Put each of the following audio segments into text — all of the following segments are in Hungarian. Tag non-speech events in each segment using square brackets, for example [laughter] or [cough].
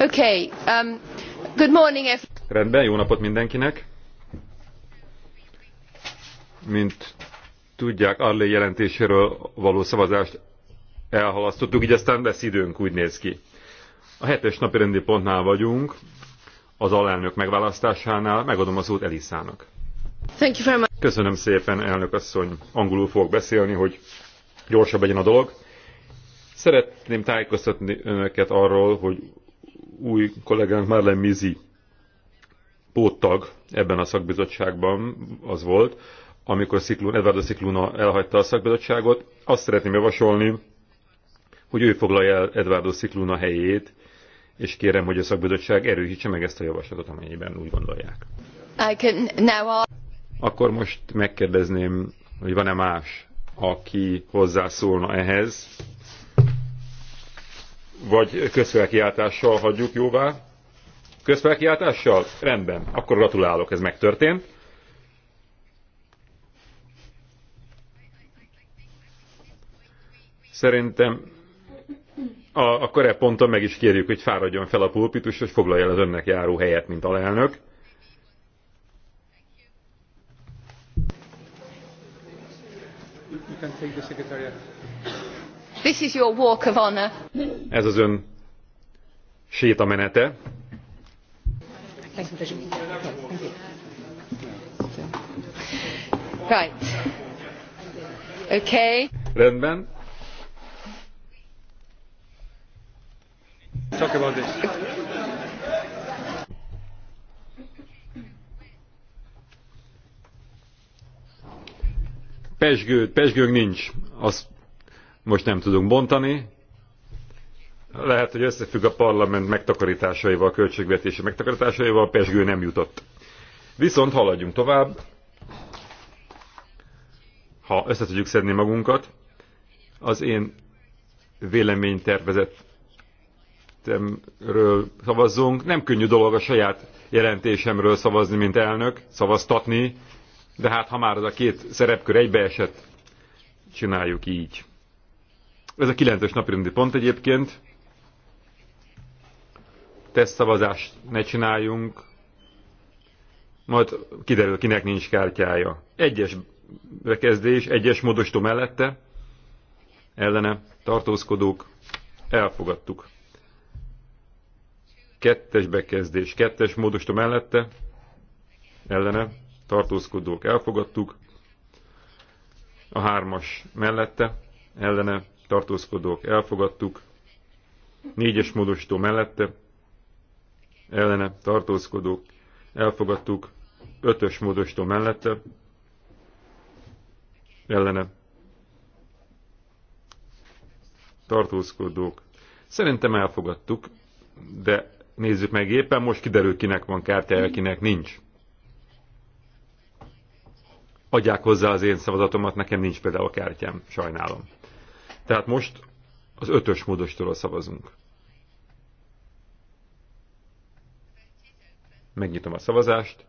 Okay, um, good morning, if... Rendben, jó napot mindenkinek. Mint tudják, Arlé jelentéséről való szavazást elhalasztottuk, így aztán lesz időnk, úgy néz ki. A hetes napirendi rendi pontnál vagyunk, az alelnök megválasztásánál, megadom a szót Elisának. Thank you very much. Köszönöm szépen, elnök asszony. Angolul fogok beszélni, hogy gyorsabb legyen a dolog. Szeretném tájékoztatni önöket arról, hogy új kollégánk Marlen Mizi póttag ebben a szakbizottságban az volt, amikor Sziklun, Edvardo Szikluna elhagyta a szakbizottságot. Azt szeretném javasolni, hogy ő foglalja el Edvardo Szikluna helyét, és kérem, hogy a szakbizottság erősítse meg ezt a javaslatot, amennyiben úgy gondolják. I can now... Akkor most megkérdezném, hogy van-e más, aki hozzászólna ehhez vagy közfelkiáltással hagyjuk jóvá. Közfelkiáltással? Rendben. Akkor gratulálok, ez megtörtént. Szerintem a, a ponton meg is kérjük, hogy fáradjon fel a pulpitus, hogy foglalja el az önnek járó helyet, mint alelnök. You can take the secretariat. This is your walk of honor. Ez az ön sétamenete. Right. Okay. Rendben. Talk about this. Pesgő, pesgőnk nincs. Azt most nem tudunk bontani. Lehet, hogy összefügg a parlament megtakarításaival, a költségvetési megtakarításaival, a pesgő nem jutott. Viszont haladjunk tovább. Ha össze tudjuk szedni magunkat, az én véleménytervezetemről szavazzunk. Nem könnyű dolog a saját jelentésemről szavazni, mint elnök, szavaztatni, de hát ha már az a két szerepkör egybeesett, csináljuk így. Ez a 9-ös napirendi pont egyébként. Tesztszavazást ne csináljunk, majd kiderül, kinek nincs kártyája. Egyes bekezdés, egyes módosító mellette, ellene tartózkodók, elfogadtuk. Kettes bekezdés, kettes módosító mellette, ellene tartózkodók, elfogadtuk. A hármas mellette, ellene tartózkodók elfogadtuk, négyes módosító mellette, ellene tartózkodók elfogadtuk, ötös módosító mellette, ellene tartózkodók. Szerintem elfogadtuk, de nézzük meg éppen, most kiderül, kinek van kártyája, kinek nincs. Adják hozzá az én szavazatomat, nekem nincs például a kártyám, sajnálom. Tehát most az ötös módostól szavazunk. Megnyitom a szavazást.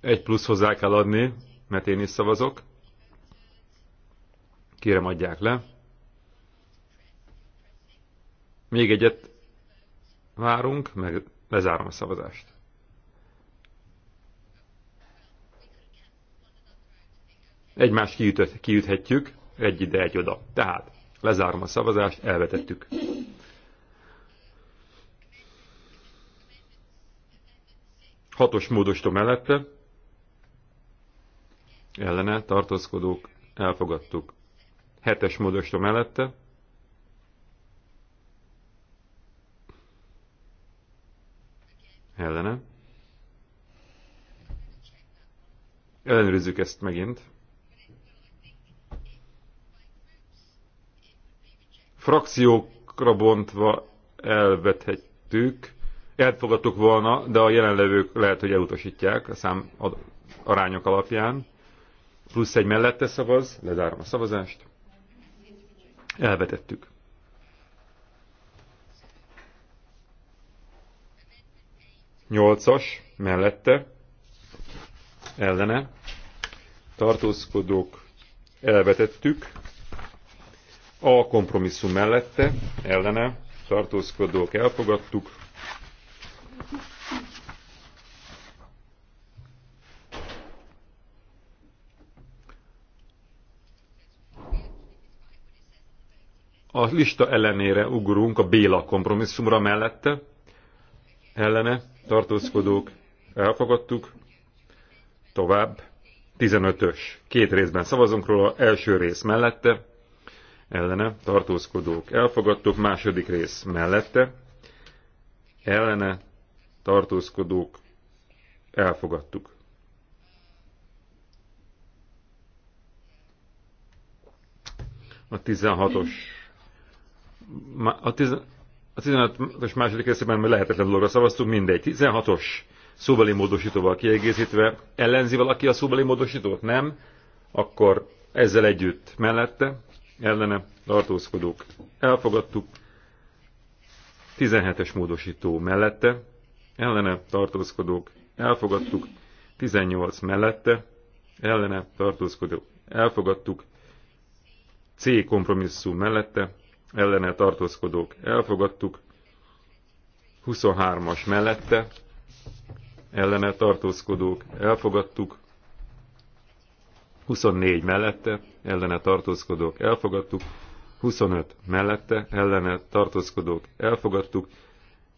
Egy plusz hozzá kell adni, mert én is szavazok. Kérem, adják le. Még egyet várunk, meg lezárom a szavazást. Egymást kiütött, kiüthetjük, egy ide, egy oda. Tehát lezárom a szavazást, elvetettük. Hatos módosító mellette, ellene tartózkodók, elfogadtuk. Hetes módosító mellette, ellene. Ellenőrizzük ezt megint. frakciókra bontva elvethetjük, elfogadtuk volna, de a jelenlevők lehet, hogy elutasítják a szám arányok alapján. Plusz egy mellette szavaz, lezárom a szavazást. Elvetettük. Nyolcas, mellette, ellene, tartózkodók, elvetettük. A kompromisszum mellette, ellene, tartózkodók elfogadtuk. A lista ellenére ugrunk a Béla kompromisszumra mellette, ellene, tartózkodók elfogadtuk. Tovább, 15-ös. Két részben szavazunk róla, első rész mellette, ellene tartózkodók elfogadtuk, második rész mellette, ellene tartózkodók elfogadtuk. A 16-os a, tizen, a 15-ös második részében lehetetlen dologra szavaztunk, mindegy. 16-os szóbeli módosítóval kiegészítve, ellenzi valaki a szóbeli módosítót? Nem? Akkor ezzel együtt mellette, ellene tartózkodók elfogadtuk, 17-es módosító mellette, ellene tartózkodók elfogadtuk, 18 mellette, ellene tartózkodók elfogadtuk, C kompromisszum mellette, ellene tartózkodók elfogadtuk, 23-as mellette, ellene tartózkodók elfogadtuk, 24 mellette, ellene tartózkodók elfogadtuk, 25 mellette, ellene tartózkodók elfogadtuk,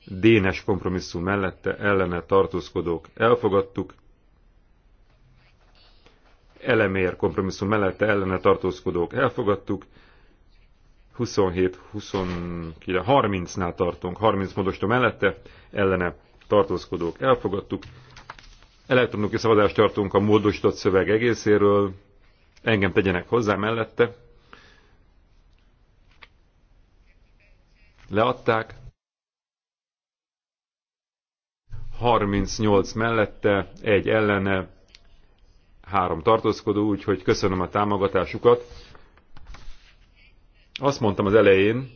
Dénes kompromisszum mellette, ellene tartózkodók elfogadtuk, Elemér kompromisszum mellette, ellene tartózkodók elfogadtuk, 27, 29, 30-nál tartunk, 30 módosító mellette, ellene tartózkodók elfogadtuk, Elektronikus szavazást tartunk a módosított szöveg egészéről. Engem tegyenek hozzá mellette. Leadták. 38 mellette, egy ellene, három tartózkodó, úgyhogy köszönöm a támogatásukat. Azt mondtam az elején,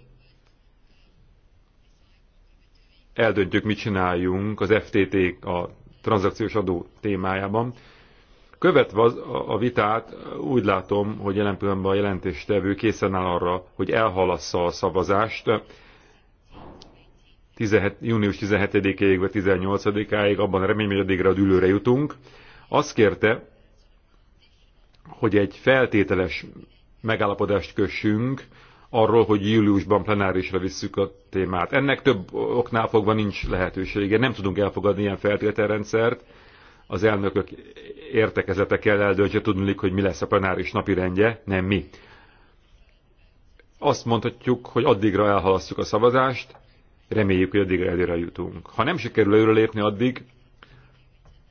eldöntjük, mit csináljunk az FTT, a tranzakciós adó témájában. Követve az, a vitát úgy látom, hogy jelen pillanatban a jelentéstevő készen áll arra, hogy elhalassza a szavazást 17, június 17-ig vagy 18 ig abban a remény, hogy addigra a dülőre jutunk. Azt kérte, hogy egy feltételes megállapodást kössünk arról, hogy júliusban plenárisra visszük a témát. Ennek több oknál fogva nincs lehetősége. Nem tudunk elfogadni ilyen feltételrendszert. Az elnökök értekezete kell eldöntse, tudnulik, hogy mi lesz a plenáris napi rendje, nem mi. Azt mondhatjuk, hogy addigra elhalasztjuk a szavazást, reméljük, hogy addigra előre jutunk. Ha nem sikerül lépni addig,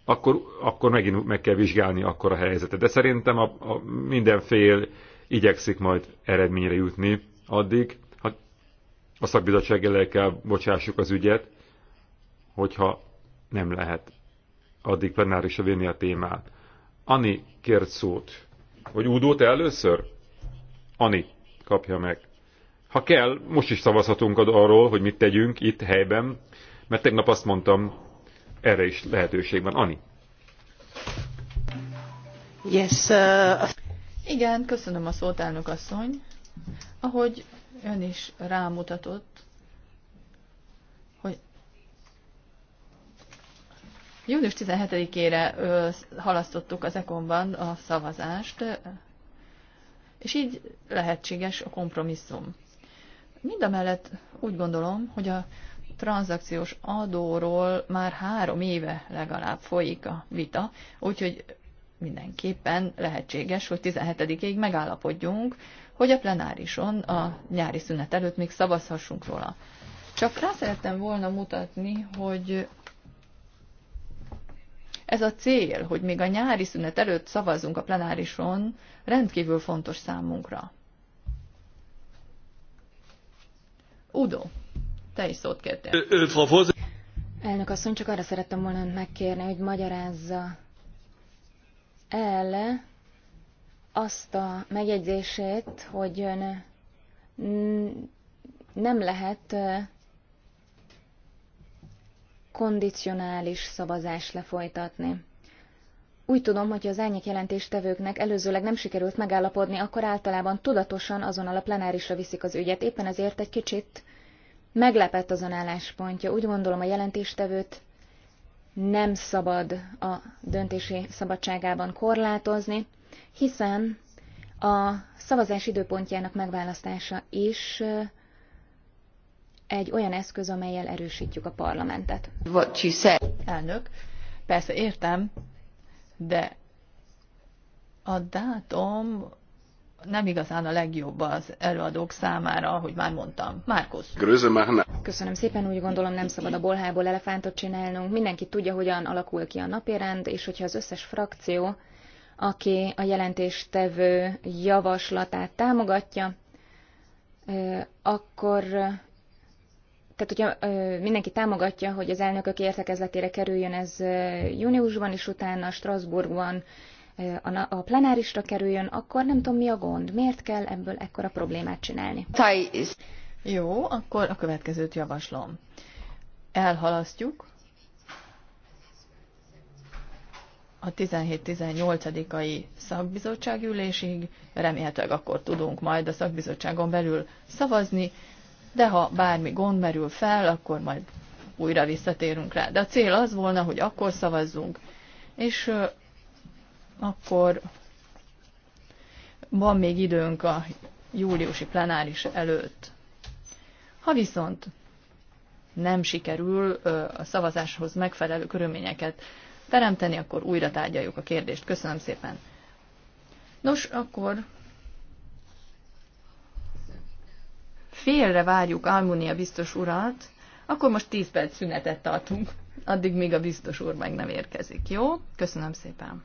akkor, akkor megint meg kell vizsgálni akkor a helyzetet. De szerintem a, a mindenfél igyekszik majd eredményre jutni addig, ha a szakbizottság elé kell bocsássuk az ügyet, hogyha nem lehet addig plenárisra vinni a témát. Ani kért szót. Hogy údót te először? Ani, kapja meg. Ha kell, most is szavazhatunk arról, hogy mit tegyünk itt helyben, mert tegnap azt mondtam, erre is lehetőség van. Ani. Yes, uh... Igen, köszönöm a szót, elnök asszony. Ahogy ön is rámutatott, hogy június 17-ére halasztottuk az ekonban a szavazást, és így lehetséges a kompromisszum. Mindamellett úgy gondolom, hogy a tranzakciós adóról már három éve legalább folyik a vita, úgyhogy mindenképpen lehetséges, hogy 17-ig megállapodjunk, hogy a plenárison a nyári szünet előtt még szavazhassunk róla. Csak rá szerettem volna mutatni, hogy ez a cél, hogy még a nyári szünet előtt szavazzunk a plenárison, rendkívül fontos számunkra. Udo, te is szót kértél. Elnök asszony, csak arra szerettem volna megkérni, hogy magyarázza el azt a megjegyzését, hogy ön nem lehet kondicionális szavazást lefolytatni. Úgy tudom, hogy az árnyék jelentéstevőknek előzőleg nem sikerült megállapodni, akkor általában tudatosan azonnal a plenárisra viszik az ügyet. Éppen ezért egy kicsit meglepett azon álláspontja. Úgy gondolom a jelentéstevőt nem szabad a döntési szabadságában korlátozni, hiszen a szavazás időpontjának megválasztása is egy olyan eszköz, amelyel erősítjük a parlamentet. What you said. Elnök, persze értem, de a dátum nem igazán a legjobb az előadók számára, ahogy már mondtam. Márkusz. Köszönöm szépen, úgy gondolom nem szabad a bolhából elefántot csinálnunk. Mindenki tudja, hogyan alakul ki a napirend, és hogyha az összes frakció, aki a jelentéstevő javaslatát támogatja, akkor tehát, hogyha mindenki támogatja, hogy az elnökök értekezletére kerüljön ez júniusban, és utána Strasbourgban a plenárisra kerüljön, akkor nem tudom mi a gond. Miért kell ebből ekkora problémát csinálni? Jó, akkor a következőt javaslom. Elhalasztjuk a 17-18-ai szakbizottságülésig, remélhetőleg akkor tudunk majd a szakbizottságon belül szavazni, de ha bármi gond merül fel, akkor majd újra visszatérünk rá. De a cél az volna, hogy akkor szavazzunk, és akkor van még időnk a júliusi plenáris előtt. Ha viszont nem sikerül a szavazáshoz megfelelő körülményeket teremteni, akkor újra tárgyaljuk a kérdést. Köszönöm szépen. Nos, akkor félre várjuk Almunia biztos urat, akkor most 10 perc szünetet tartunk, addig, míg a biztos úr meg nem érkezik. Jó? Köszönöm szépen.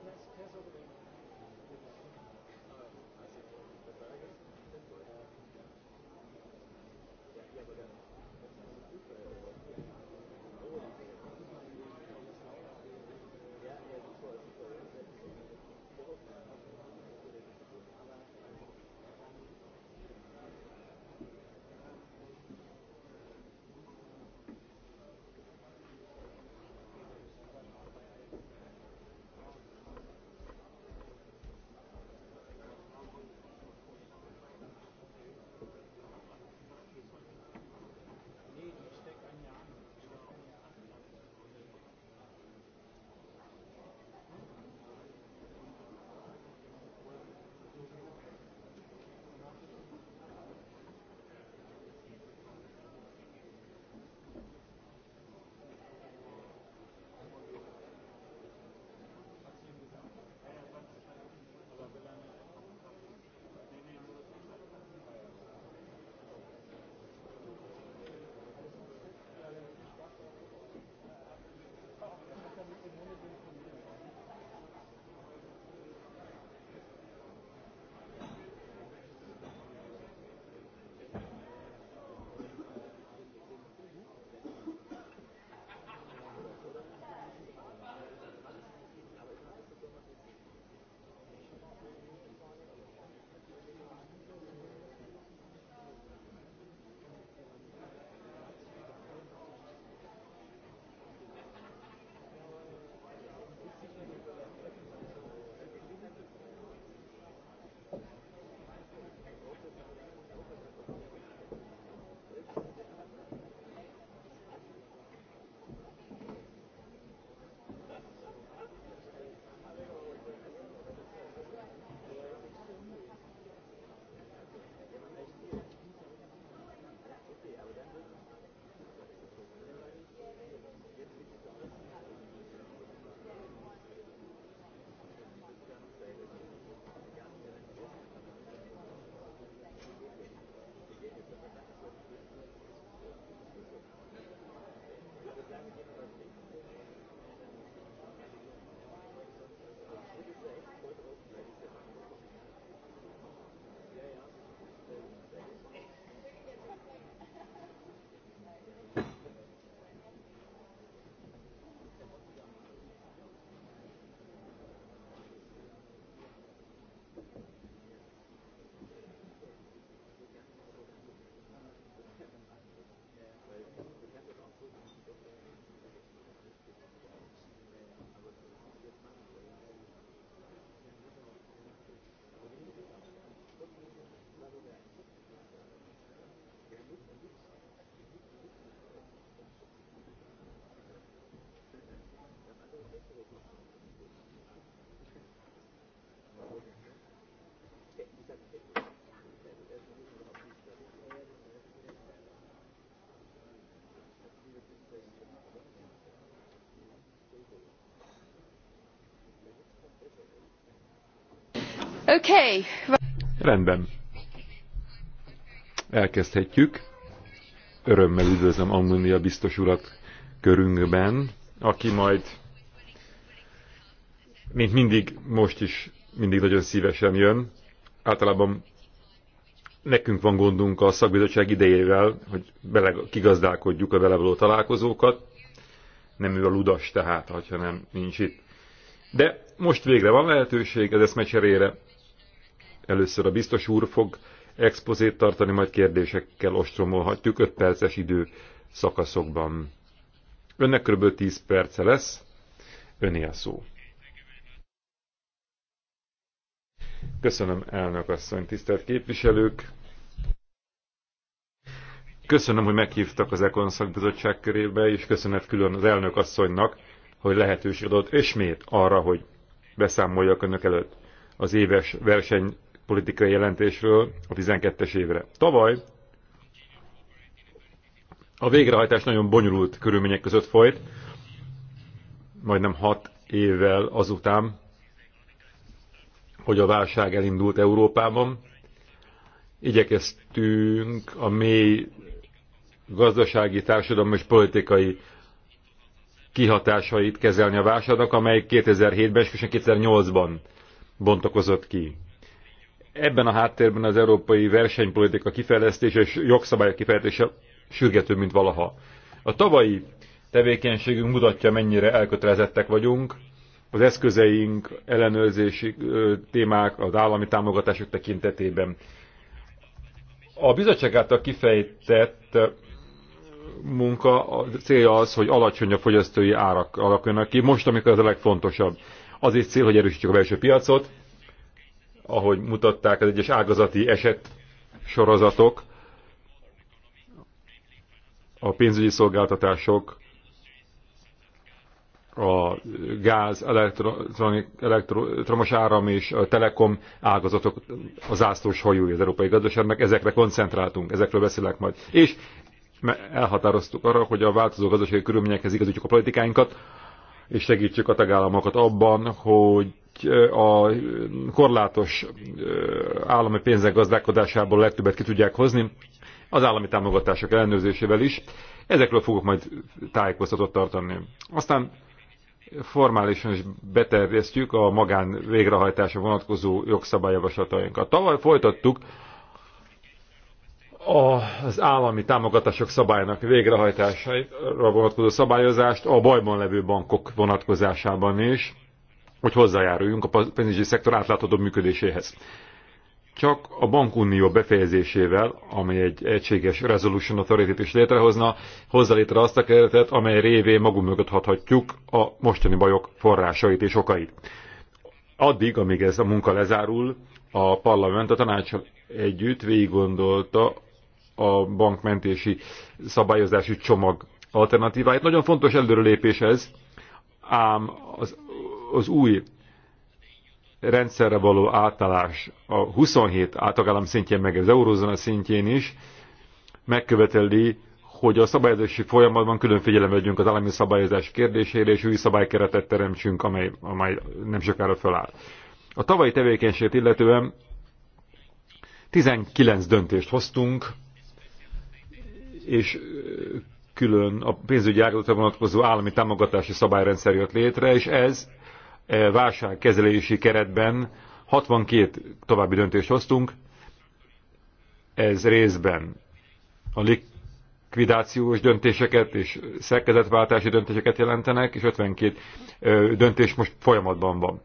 Kez, Kez over there. Okay. Rendben. Elkezdhetjük. Örömmel üdvözlöm Ammonia biztos urat körünkben, aki majd, mint mindig, most is mindig nagyon szívesen jön. Általában nekünk van gondunk a szakbizottság idejével, hogy bele kigazdálkodjuk a vele való találkozókat. Nem ő a ludas tehát, ha nem nincs itt. De most végre van lehetőség az eszmecserére, Először a biztos úr fog expozét tartani, majd kérdésekkel ostromolhatjuk 5 perces idő szakaszokban. Önnek kb. 10 perce lesz, öné a szó. Köszönöm, elnök asszony, tisztelt képviselők! Köszönöm, hogy meghívtak az Econ szakbizottság körébe, és köszönet külön az elnök asszonynak, hogy lehetőség adott ismét arra, hogy beszámoljak önök előtt az éves verseny politikai jelentésről a 12-es évre. Tavaly a végrehajtás nagyon bonyolult körülmények között folyt, majdnem hat évvel azután, hogy a válság elindult Európában. Igyekeztünk a mély gazdasági, társadalmi és politikai kihatásait kezelni a válságnak, amely 2007-ben és 2008-ban bontakozott ki. Ebben a háttérben az európai versenypolitika kifejlesztése és jogszabályok kifejlesztése sürgetőbb, mint valaha. A tavalyi tevékenységünk mutatja, mennyire elkötelezettek vagyunk, az eszközeink, ellenőrzési témák, az állami támogatások tekintetében. A bizottság által kifejtett munka a célja az, hogy alacsonyabb fogyasztói árak alakulnak ki. Most, amikor ez a legfontosabb, az is cél, hogy erősítsük a belső piacot, ahogy mutatták az egyes ágazati eset sorozatok, a pénzügyi szolgáltatások, a gáz, elektromos áram és a telekom ágazatok az zászlós hajói az európai gazdaságnak, ezekre koncentráltunk, ezekről beszélek majd. És elhatároztuk arra, hogy a változó gazdasági körülményekhez igazítjuk a politikáinkat, és segítsük a tagállamokat abban, hogy a korlátos állami pénzek gazdálkodásából legtöbbet ki tudják hozni, az állami támogatások ellenőrzésével is. Ezekről fogok majd tájékoztatott tartani. Aztán formálisan is beterjesztjük a magán végrehajtása vonatkozó jogszabályjavaslatainkat. Tavaly folytattuk az állami támogatások szabálynak végrehajtására vonatkozó szabályozást a bajban levő bankok vonatkozásában is hogy hozzájáruljunk a pénzügyi szektor átláthatóbb működéséhez. Csak a bankunió befejezésével, amely egy egységes resolution authority is létrehozna, hozzá létre azt a keretet, amely révén magunk mögött hathatjuk a mostani bajok forrásait és okait. Addig, amíg ez a munka lezárul, a parlament a tanácssal együtt gondolta a bankmentési szabályozási csomag alternatíváit. Nagyon fontos előrelépés ez, ám az az új rendszerre való átállás a 27 átagállam szintjén, meg az eurózona szintjén is megköveteli, hogy a szabályozási folyamatban külön figyelembe vegyünk az állami szabályozás kérdésére, és új szabálykeretet teremtsünk, amely, amely nem sokára feláll. A tavalyi tevékenységet illetően 19 döntést hoztunk, és külön a pénzügyi ágazatra vonatkozó állami támogatási szabályrendszer jött létre, és ez E, válságkezelési keretben 62 további döntést hoztunk, ez részben a likvidációs döntéseket és szerkezetváltási döntéseket jelentenek, és 52 e, döntés most folyamatban van.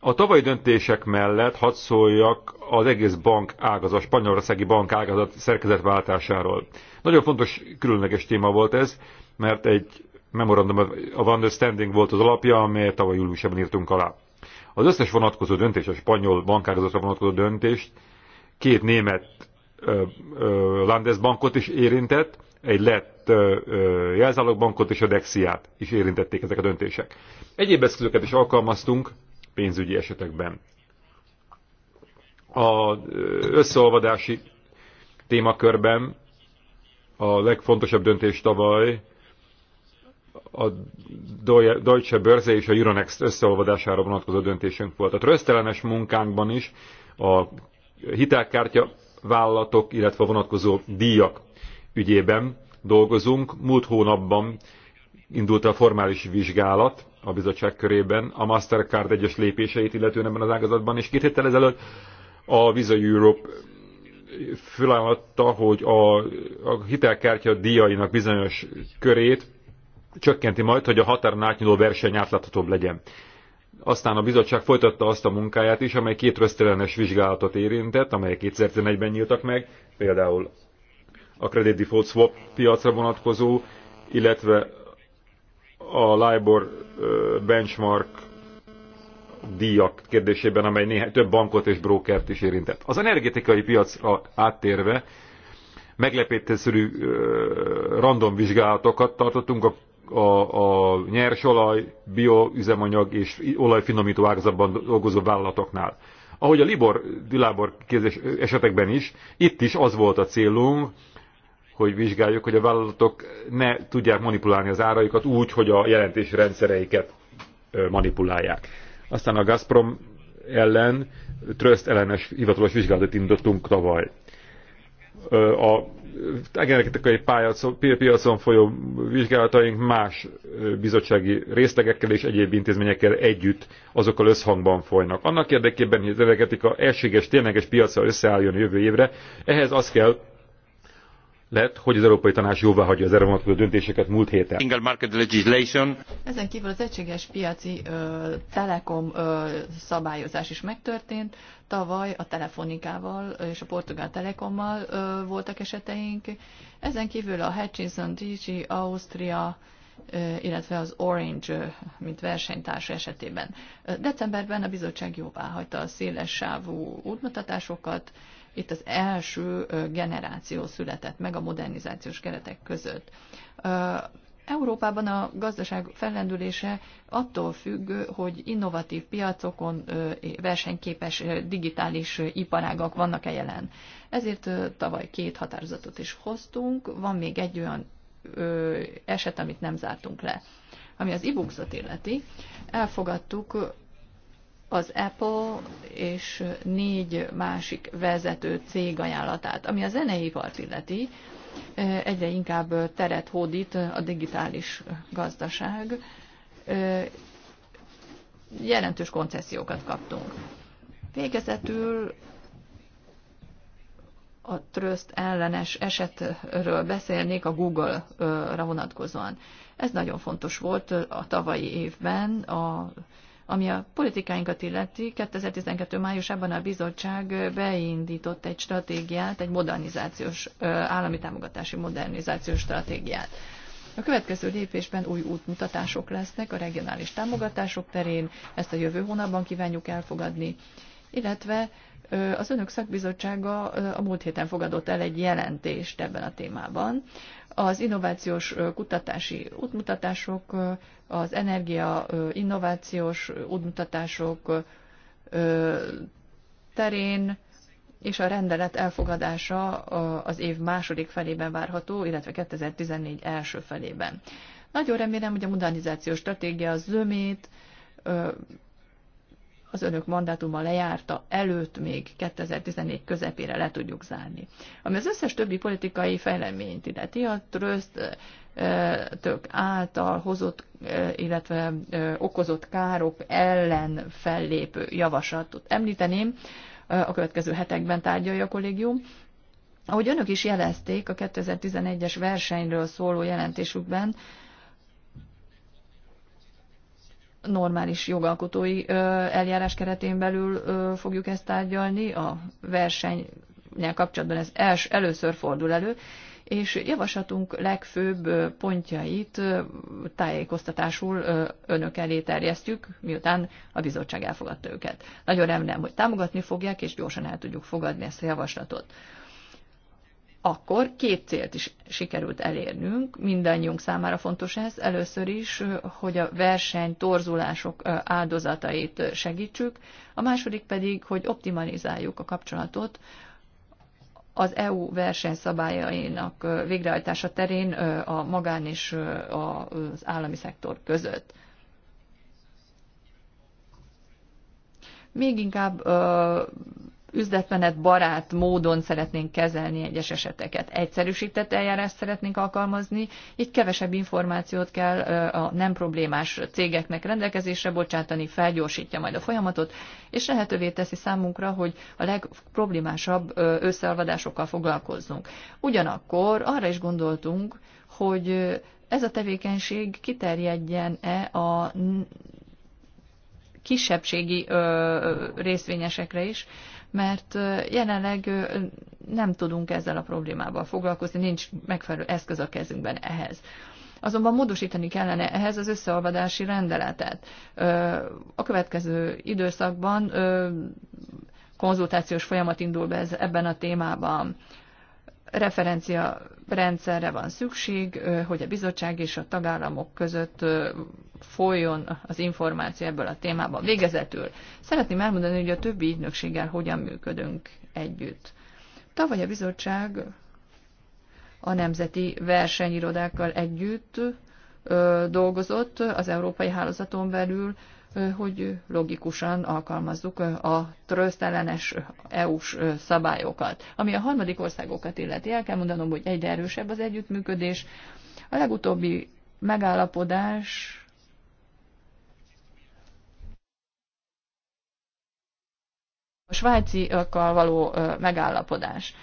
A tavalyi döntések mellett hadd szóljak az egész bank ágazat, a spanyolországi bank ágazat szerkezetváltásáról. Nagyon fontos, különleges téma volt ez, mert egy memorandum of understanding volt az alapja, amelyet tavaly júliusban írtunk alá. Az összes vonatkozó döntés, a spanyol bankározatra vonatkozó döntést két német ö, ö, Landesbankot is érintett, egy lett jelzálogbankot és a Dexiát is érintették ezek a döntések. Egyéb eszközöket is alkalmaztunk pénzügyi esetekben. Az összeolvadási témakörben a legfontosabb döntés tavaly a Deutsche Börse és a Euronext összeolvadására vonatkozó döntésünk volt. A trösztelenes munkánkban is a hitelkártya vállalatok, illetve a vonatkozó díjak ügyében dolgozunk. Múlt hónapban indult a formális vizsgálat a bizottság körében a Mastercard egyes lépéseit illetően ebben az ágazatban, és két héttel ezelőtt a Visa Europe fölajánlotta, hogy a, a hitelkártya díjainak bizonyos körét csökkenti majd, hogy a határon átnyúló verseny átláthatóbb legyen. Aztán a bizottság folytatta azt a munkáját is, amely két rösztelenes vizsgálatot érintett, amelyek 2011-ben nyíltak meg, például a Credit Default Swap piacra vonatkozó, illetve a LIBOR benchmark díjak kérdésében, amely néhány, több bankot és brókert is érintett. Az energetikai piacra áttérve meglepéteszerű random vizsgálatokat tartottunk a a, a nyersolaj, bioüzemanyag és olajfinomító ágazatban dolgozó vállalatoknál. Ahogy a Libor, Dilábor kérdés esetekben is, itt is az volt a célunk, hogy vizsgáljuk, hogy a vállalatok ne tudják manipulálni az áraikat úgy, hogy a jelentési rendszereiket manipulálják. Aztán a Gazprom ellen tröszt ellenes hivatalos vizsgálatot indítottunk tavaly. A energetikai piacon folyó vizsgálataink más bizottsági részlegekkel és egyéb intézményekkel együtt azokkal összhangban folynak. Annak érdekében, hogy az energetika egységes, tényleges piacra összeálljon jövő évre, ehhez az kell, lett, hogy az Európai Tanács jóvá hagyja az erre vonatkozó döntéseket múlt héten. Single market legislation. Ezen kívül az egységes piaci ö, telekom ö, szabályozás is megtörtént. Tavaly a telefonikával és a portugál telekommal ö, voltak eseteink. Ezen kívül a Hutchinson, DG, Ausztria, illetve az Orange, mint versenytárs esetében. Decemberben a bizottság jóvá hagyta a széles sávú útmutatásokat, itt az első generáció született meg a modernizációs keretek között. Európában a gazdaság fellendülése attól függ, hogy innovatív piacokon versenyképes digitális iparágak vannak-e jelen. Ezért tavaly két határozatot is hoztunk, van még egy olyan eset, amit nem zártunk le. Ami az e illeti, elfogadtuk az Apple és négy másik vezető cég ajánlatát. Ami a zeneipart illeti, egyre inkább teret hódít a digitális gazdaság. Jelentős koncesziókat kaptunk. Végezetül a tröszt ellenes esetről beszélnék a Google-ra vonatkozóan. Ez nagyon fontos volt a tavalyi évben a ami a politikáinkat illeti, 2012. májusában a bizottság beindított egy stratégiát, egy modernizációs, állami támogatási modernizációs stratégiát. A következő lépésben új útmutatások lesznek a regionális támogatások terén, ezt a jövő hónapban kívánjuk elfogadni, illetve az önök szakbizottsága a múlt héten fogadott el egy jelentést ebben a témában. Az innovációs kutatási útmutatások, az energia innovációs útmutatások terén és a rendelet elfogadása az év második felében várható, illetve 2014 első felében. Nagyon remélem, hogy a modernizációs stratégia az zömét az önök mandátuma lejárta előtt még 2014 közepére le tudjuk zárni. Ami az összes többi politikai fejleményt illeti, a tröszt tök által hozott, e, illetve e, okozott károk ellen fellépő javaslatot említeném, e, a következő hetekben tárgyalja a kollégium. Ahogy önök is jelezték a 2011-es versenyről szóló jelentésükben, normális jogalkotói eljárás keretén belül fogjuk ezt tárgyalni, a versenynél kapcsolatban ez els, először fordul elő, és javaslatunk legfőbb pontjait tájékoztatásul önök elé terjesztjük, miután a bizottság elfogadta őket. Nagyon remélem, hogy támogatni fogják, és gyorsan el tudjuk fogadni ezt a javaslatot akkor két célt is sikerült elérnünk, mindannyiunk számára fontos ez. Először is, hogy a verseny torzulások áldozatait segítsük, a második pedig, hogy optimalizáljuk a kapcsolatot az EU versenyszabályainak végrehajtása terén a magán és az állami szektor között. Még inkább üzletmenet barát módon szeretnénk kezelni egyes eseteket. Egyszerűsített eljárást szeretnénk alkalmazni, így kevesebb információt kell a nem problémás cégeknek rendelkezésre bocsátani, felgyorsítja majd a folyamatot, és lehetővé teszi számunkra, hogy a legproblémásabb összealvadásokkal foglalkozzunk. Ugyanakkor arra is gondoltunk, hogy ez a tevékenység kiterjedjen-e a kisebbségi ö, részvényesekre is, mert jelenleg nem tudunk ezzel a problémával foglalkozni, nincs megfelelő eszköz a kezünkben ehhez. Azonban módosítani kellene ehhez az összeolvadási rendeletet. A következő időszakban konzultációs folyamat indul be ez, ebben a témában. Referencia rendszerre van szükség, hogy a bizottság és a tagállamok között folyjon az információ ebből a témában. Végezetül szeretném elmondani, hogy a többi ügynökséggel hogyan működünk együtt. Tavaly a bizottság a nemzeti versenyirodákkal együtt ö, dolgozott az európai hálózaton belül, ö, hogy logikusan alkalmazzuk a trösztellenes EU-s szabályokat. Ami a harmadik országokat illeti, el kell mondanom, hogy egyre erősebb az együttműködés. A legutóbbi megállapodás a svájciakkal való megállapodás.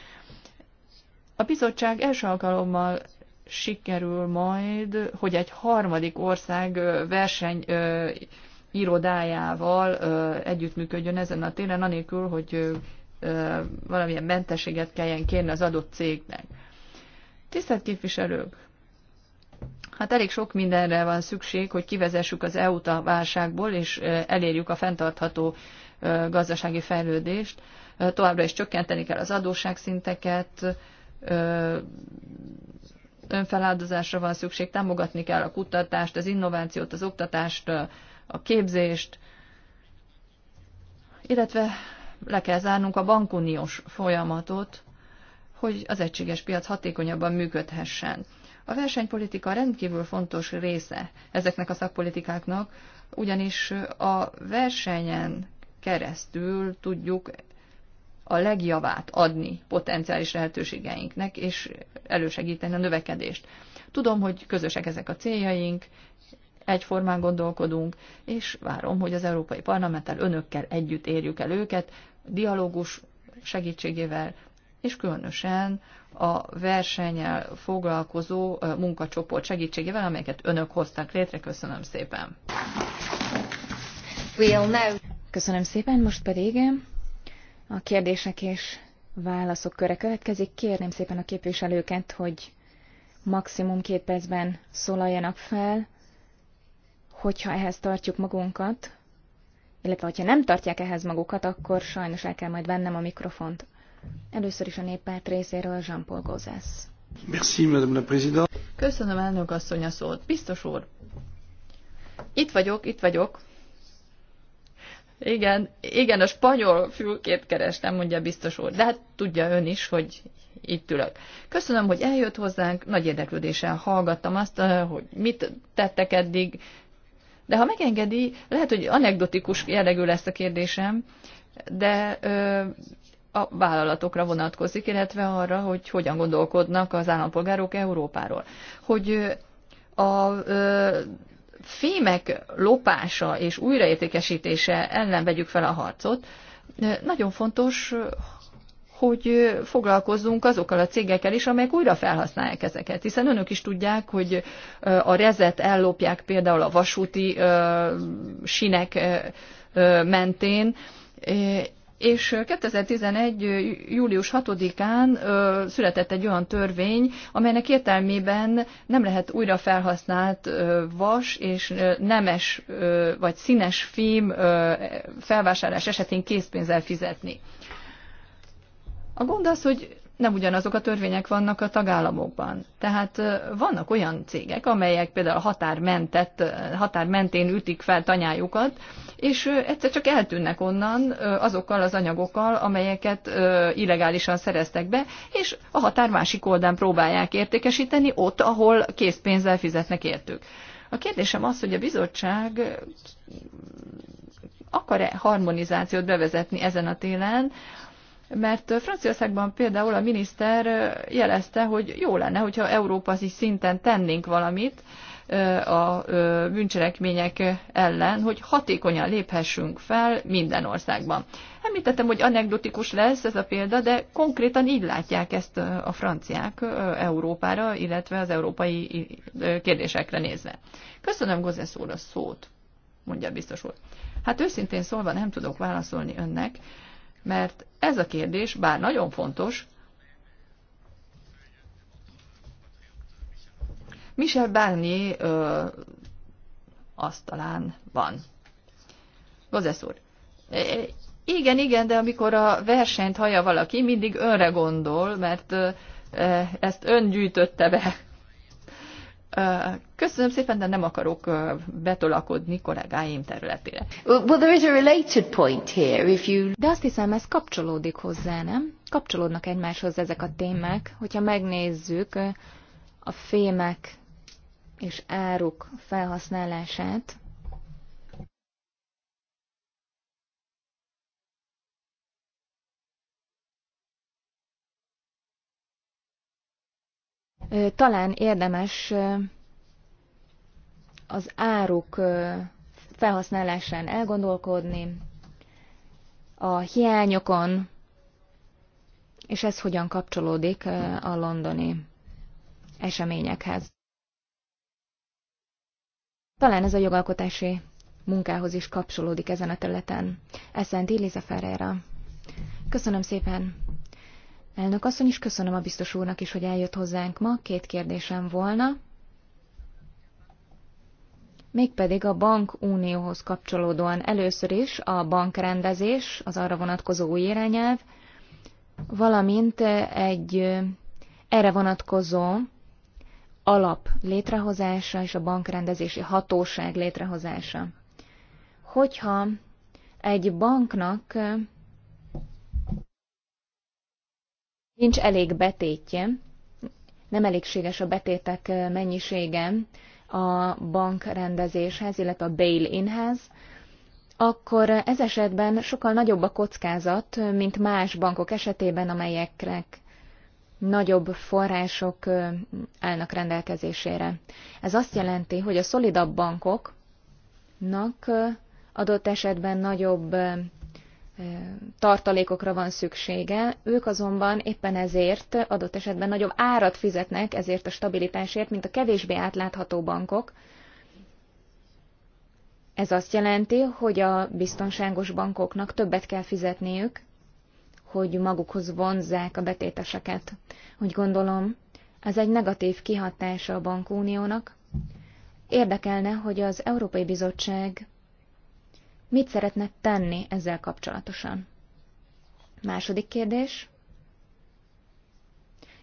A bizottság első alkalommal sikerül majd, hogy egy harmadik ország verseny irodájával együttműködjön ezen a téren, anélkül, hogy valamilyen mentességet kelljen kérni az adott cégnek. Tisztelt képviselők! Hát elég sok mindenre van szükség, hogy kivezessük az EU-t a válságból, és elérjük a fenntartható gazdasági fejlődést. Továbbra is csökkenteni kell az adósságszinteket, önfeláldozásra van szükség, támogatni kell a kutatást, az innovációt, az oktatást, a képzést, illetve le kell zárnunk a bankuniós folyamatot, hogy az egységes piac hatékonyabban működhessen. A versenypolitika rendkívül fontos része ezeknek a szakpolitikáknak, ugyanis a versenyen keresztül tudjuk a legjavát adni potenciális lehetőségeinknek, és elősegíteni a növekedést. Tudom, hogy közösek ezek a céljaink, egyformán gondolkodunk, és várom, hogy az Európai Parlamenttel önökkel együtt érjük el őket, dialógus segítségével, és különösen a versenyel foglalkozó munkacsoport segítségével, amelyeket önök hoztak létre. Köszönöm szépen! Köszönöm szépen, most pedig a kérdések és válaszok köre következik. Kérném szépen a képviselőket, hogy maximum két percben szólaljanak fel, hogyha ehhez tartjuk magunkat, illetve hogyha nem tartják ehhez magukat, akkor sajnos el kell majd vennem a mikrofont. Először is a néppárt részéről Jean-Paul Gózász. Merci, Madame Köszönöm, elnök asszony a szót. Biztos úr. Itt vagyok, itt vagyok. Igen, igen, a spanyol fülkét kerestem, mondja biztos úr, de hát tudja ön is, hogy itt ülök. Köszönöm, hogy eljött hozzánk, nagy érdeklődéssel hallgattam azt, eh, hogy mit tettek eddig, de ha megengedi, lehet, hogy anekdotikus jellegű lesz a kérdésem, de ö, eh, a vállalatokra vonatkozik, illetve arra, hogy hogyan gondolkodnak az állampolgárok Európáról. Hogy eh, a ö, fémek lopása és újraértékesítése ellen vegyük fel a harcot, nagyon fontos, hogy foglalkozzunk azokkal a cégekkel is, amelyek újra felhasználják ezeket. Hiszen önök is tudják, hogy a rezet ellopják például a vasúti sinek mentén, és 2011. július 6-án született egy olyan törvény, amelynek értelmében nem lehet újra felhasznált vas és nemes vagy színes fém felvásárlás esetén készpénzzel fizetni. A gond az, hogy nem ugyanazok a törvények vannak a tagállamokban. Tehát vannak olyan cégek, amelyek például a határ határmentén ütik fel tanyájukat, és egyszer csak eltűnnek onnan azokkal az anyagokkal, amelyeket illegálisan szereztek be, és a határ másik oldán próbálják értékesíteni, ott, ahol készpénzzel fizetnek értük. A kérdésem az, hogy a bizottság akar-e harmonizációt bevezetni ezen a télen, mert Franciaországban például a miniszter jelezte, hogy jó lenne, hogyha Európa szinten tennénk valamit, a bűncselekmények ellen, hogy hatékonyan léphessünk fel minden országban. Említettem, hogy anekdotikus lesz ez a példa, de konkrétan így látják ezt a franciák Európára, illetve az európai kérdésekre nézve. Köszönöm Gozesz úr a szót, mondja biztos úr. Hát őszintén szólva nem tudok válaszolni önnek, mert ez a kérdés, bár nagyon fontos, Michel Barnier ö, asztalán van. Gozesz úr. Igen, igen, de amikor a versenyt hallja valaki, mindig önre gondol, mert e, ezt ön gyűjtötte be. Köszönöm szépen, de nem akarok betolakodni kollégáim területére. Well, there is a related point here, if you... De azt hiszem, ez kapcsolódik hozzá, nem? Kapcsolódnak egymáshoz ezek a témák. Hogyha megnézzük a fémek és áruk felhasználását, talán érdemes az áruk felhasználásán elgondolkodni, a hiányokon, és ez hogyan kapcsolódik a londoni eseményekhez. Talán ez a jogalkotási munkához is kapcsolódik ezen a területen. Eszent Iliza Ferreira. Köszönöm szépen. Elnök asszony is köszönöm a biztos úrnak is, hogy eljött hozzánk ma. Két kérdésem volna. Mégpedig a bankunióhoz kapcsolódóan először is a bankrendezés, az arra vonatkozó új irányelv, valamint egy erre vonatkozó alap létrehozása és a bankrendezési hatóság létrehozása. Hogyha egy banknak nincs elég betétje, nem elégséges a betétek mennyisége a bankrendezéshez, illetve a bail-inhez, akkor ez esetben sokkal nagyobb a kockázat, mint más bankok esetében, amelyeknek nagyobb források állnak rendelkezésére. Ez azt jelenti, hogy a szolidabb bankoknak adott esetben nagyobb tartalékokra van szüksége, ők azonban éppen ezért adott esetben nagyobb árat fizetnek ezért a stabilitásért, mint a kevésbé átlátható bankok. Ez azt jelenti, hogy a biztonságos bankoknak többet kell fizetniük, hogy magukhoz vonzzák a betéteseket. Úgy gondolom, ez egy negatív kihatása a bankuniónak. Érdekelne, hogy az Európai Bizottság mit szeretne tenni ezzel kapcsolatosan. Második kérdés.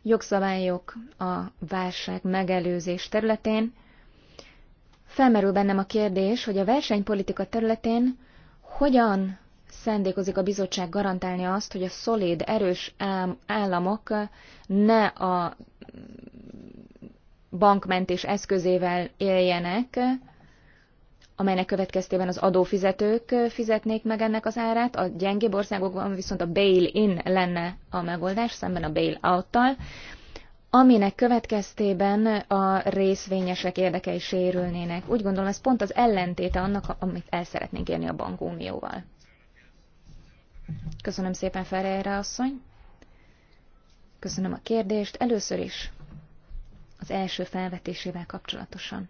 Jogszabályok a válság megelőzés területén. Felmerül bennem a kérdés, hogy a versenypolitika területén hogyan szándékozik a bizottság garantálni azt, hogy a szolid, erős államok ne a bankmentés eszközével éljenek, amelynek következtében az adófizetők fizetnék meg ennek az árát, a gyengébb országokban viszont a bail-in lenne a megoldás szemben a bail-out-tal, aminek következtében a részvényesek érdekei sérülnének. Úgy gondolom, ez pont az ellentéte annak, amit el szeretnénk érni a bankunióval. Köszönöm szépen, Ferreira asszony. Köszönöm a kérdést. Először is az első felvetésével kapcsolatosan.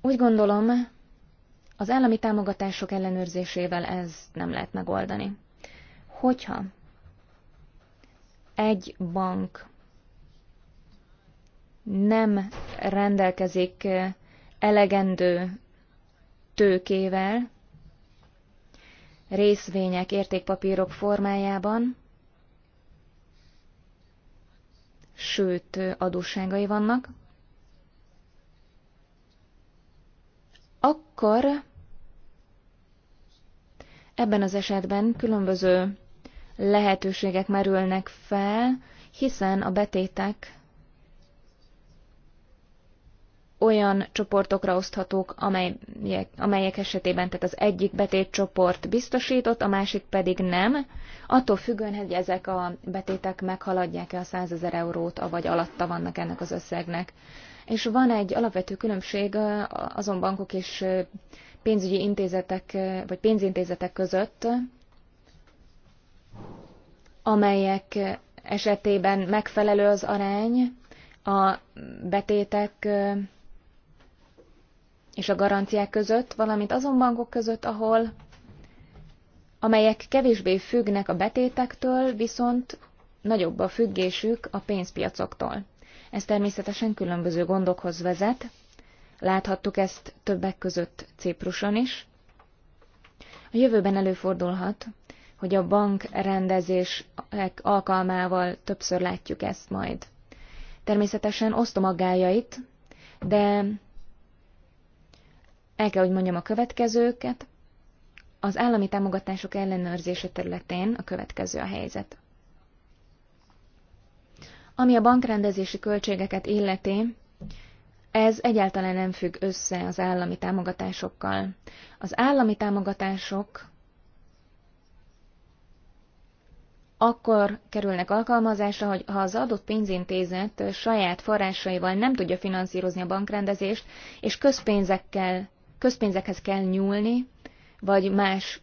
Úgy gondolom, az állami támogatások ellenőrzésével ez nem lehet megoldani. Hogyha egy bank nem rendelkezik eh, elegendő tőkével, részvények, értékpapírok formájában, sőt, adósságai vannak, akkor ebben az esetben különböző lehetőségek merülnek fel, hiszen a betétek olyan csoportokra oszthatók, amelyek, amelyek esetében tehát az egyik betétcsoport biztosított, a másik pedig nem, attól függően, hogy ezek a betétek meghaladják-e a 100 ezer eurót, vagy alatta vannak ennek az összegnek. És van egy alapvető különbség azon bankok és pénzügyi intézetek, vagy pénzintézetek között, amelyek esetében megfelelő az arány, a betétek és a garanciák között, valamint azon bankok között, ahol amelyek kevésbé függnek a betétektől, viszont nagyobb a függésük a pénzpiacoktól. Ez természetesen különböző gondokhoz vezet. Láthattuk ezt többek között Cipruson is. A jövőben előfordulhat, hogy a bank rendezés alkalmával többször látjuk ezt majd. Természetesen osztom aggájait, de el kell, hogy mondjam a következőket. Az állami támogatások ellenőrzése területén a következő a helyzet. Ami a bankrendezési költségeket illeti, ez egyáltalán nem függ össze az állami támogatásokkal. Az állami támogatások akkor kerülnek alkalmazásra, hogy ha az adott pénzintézet saját forrásaival nem tudja finanszírozni a bankrendezést, és közpénzekkel közpénzekhez kell nyúlni, vagy más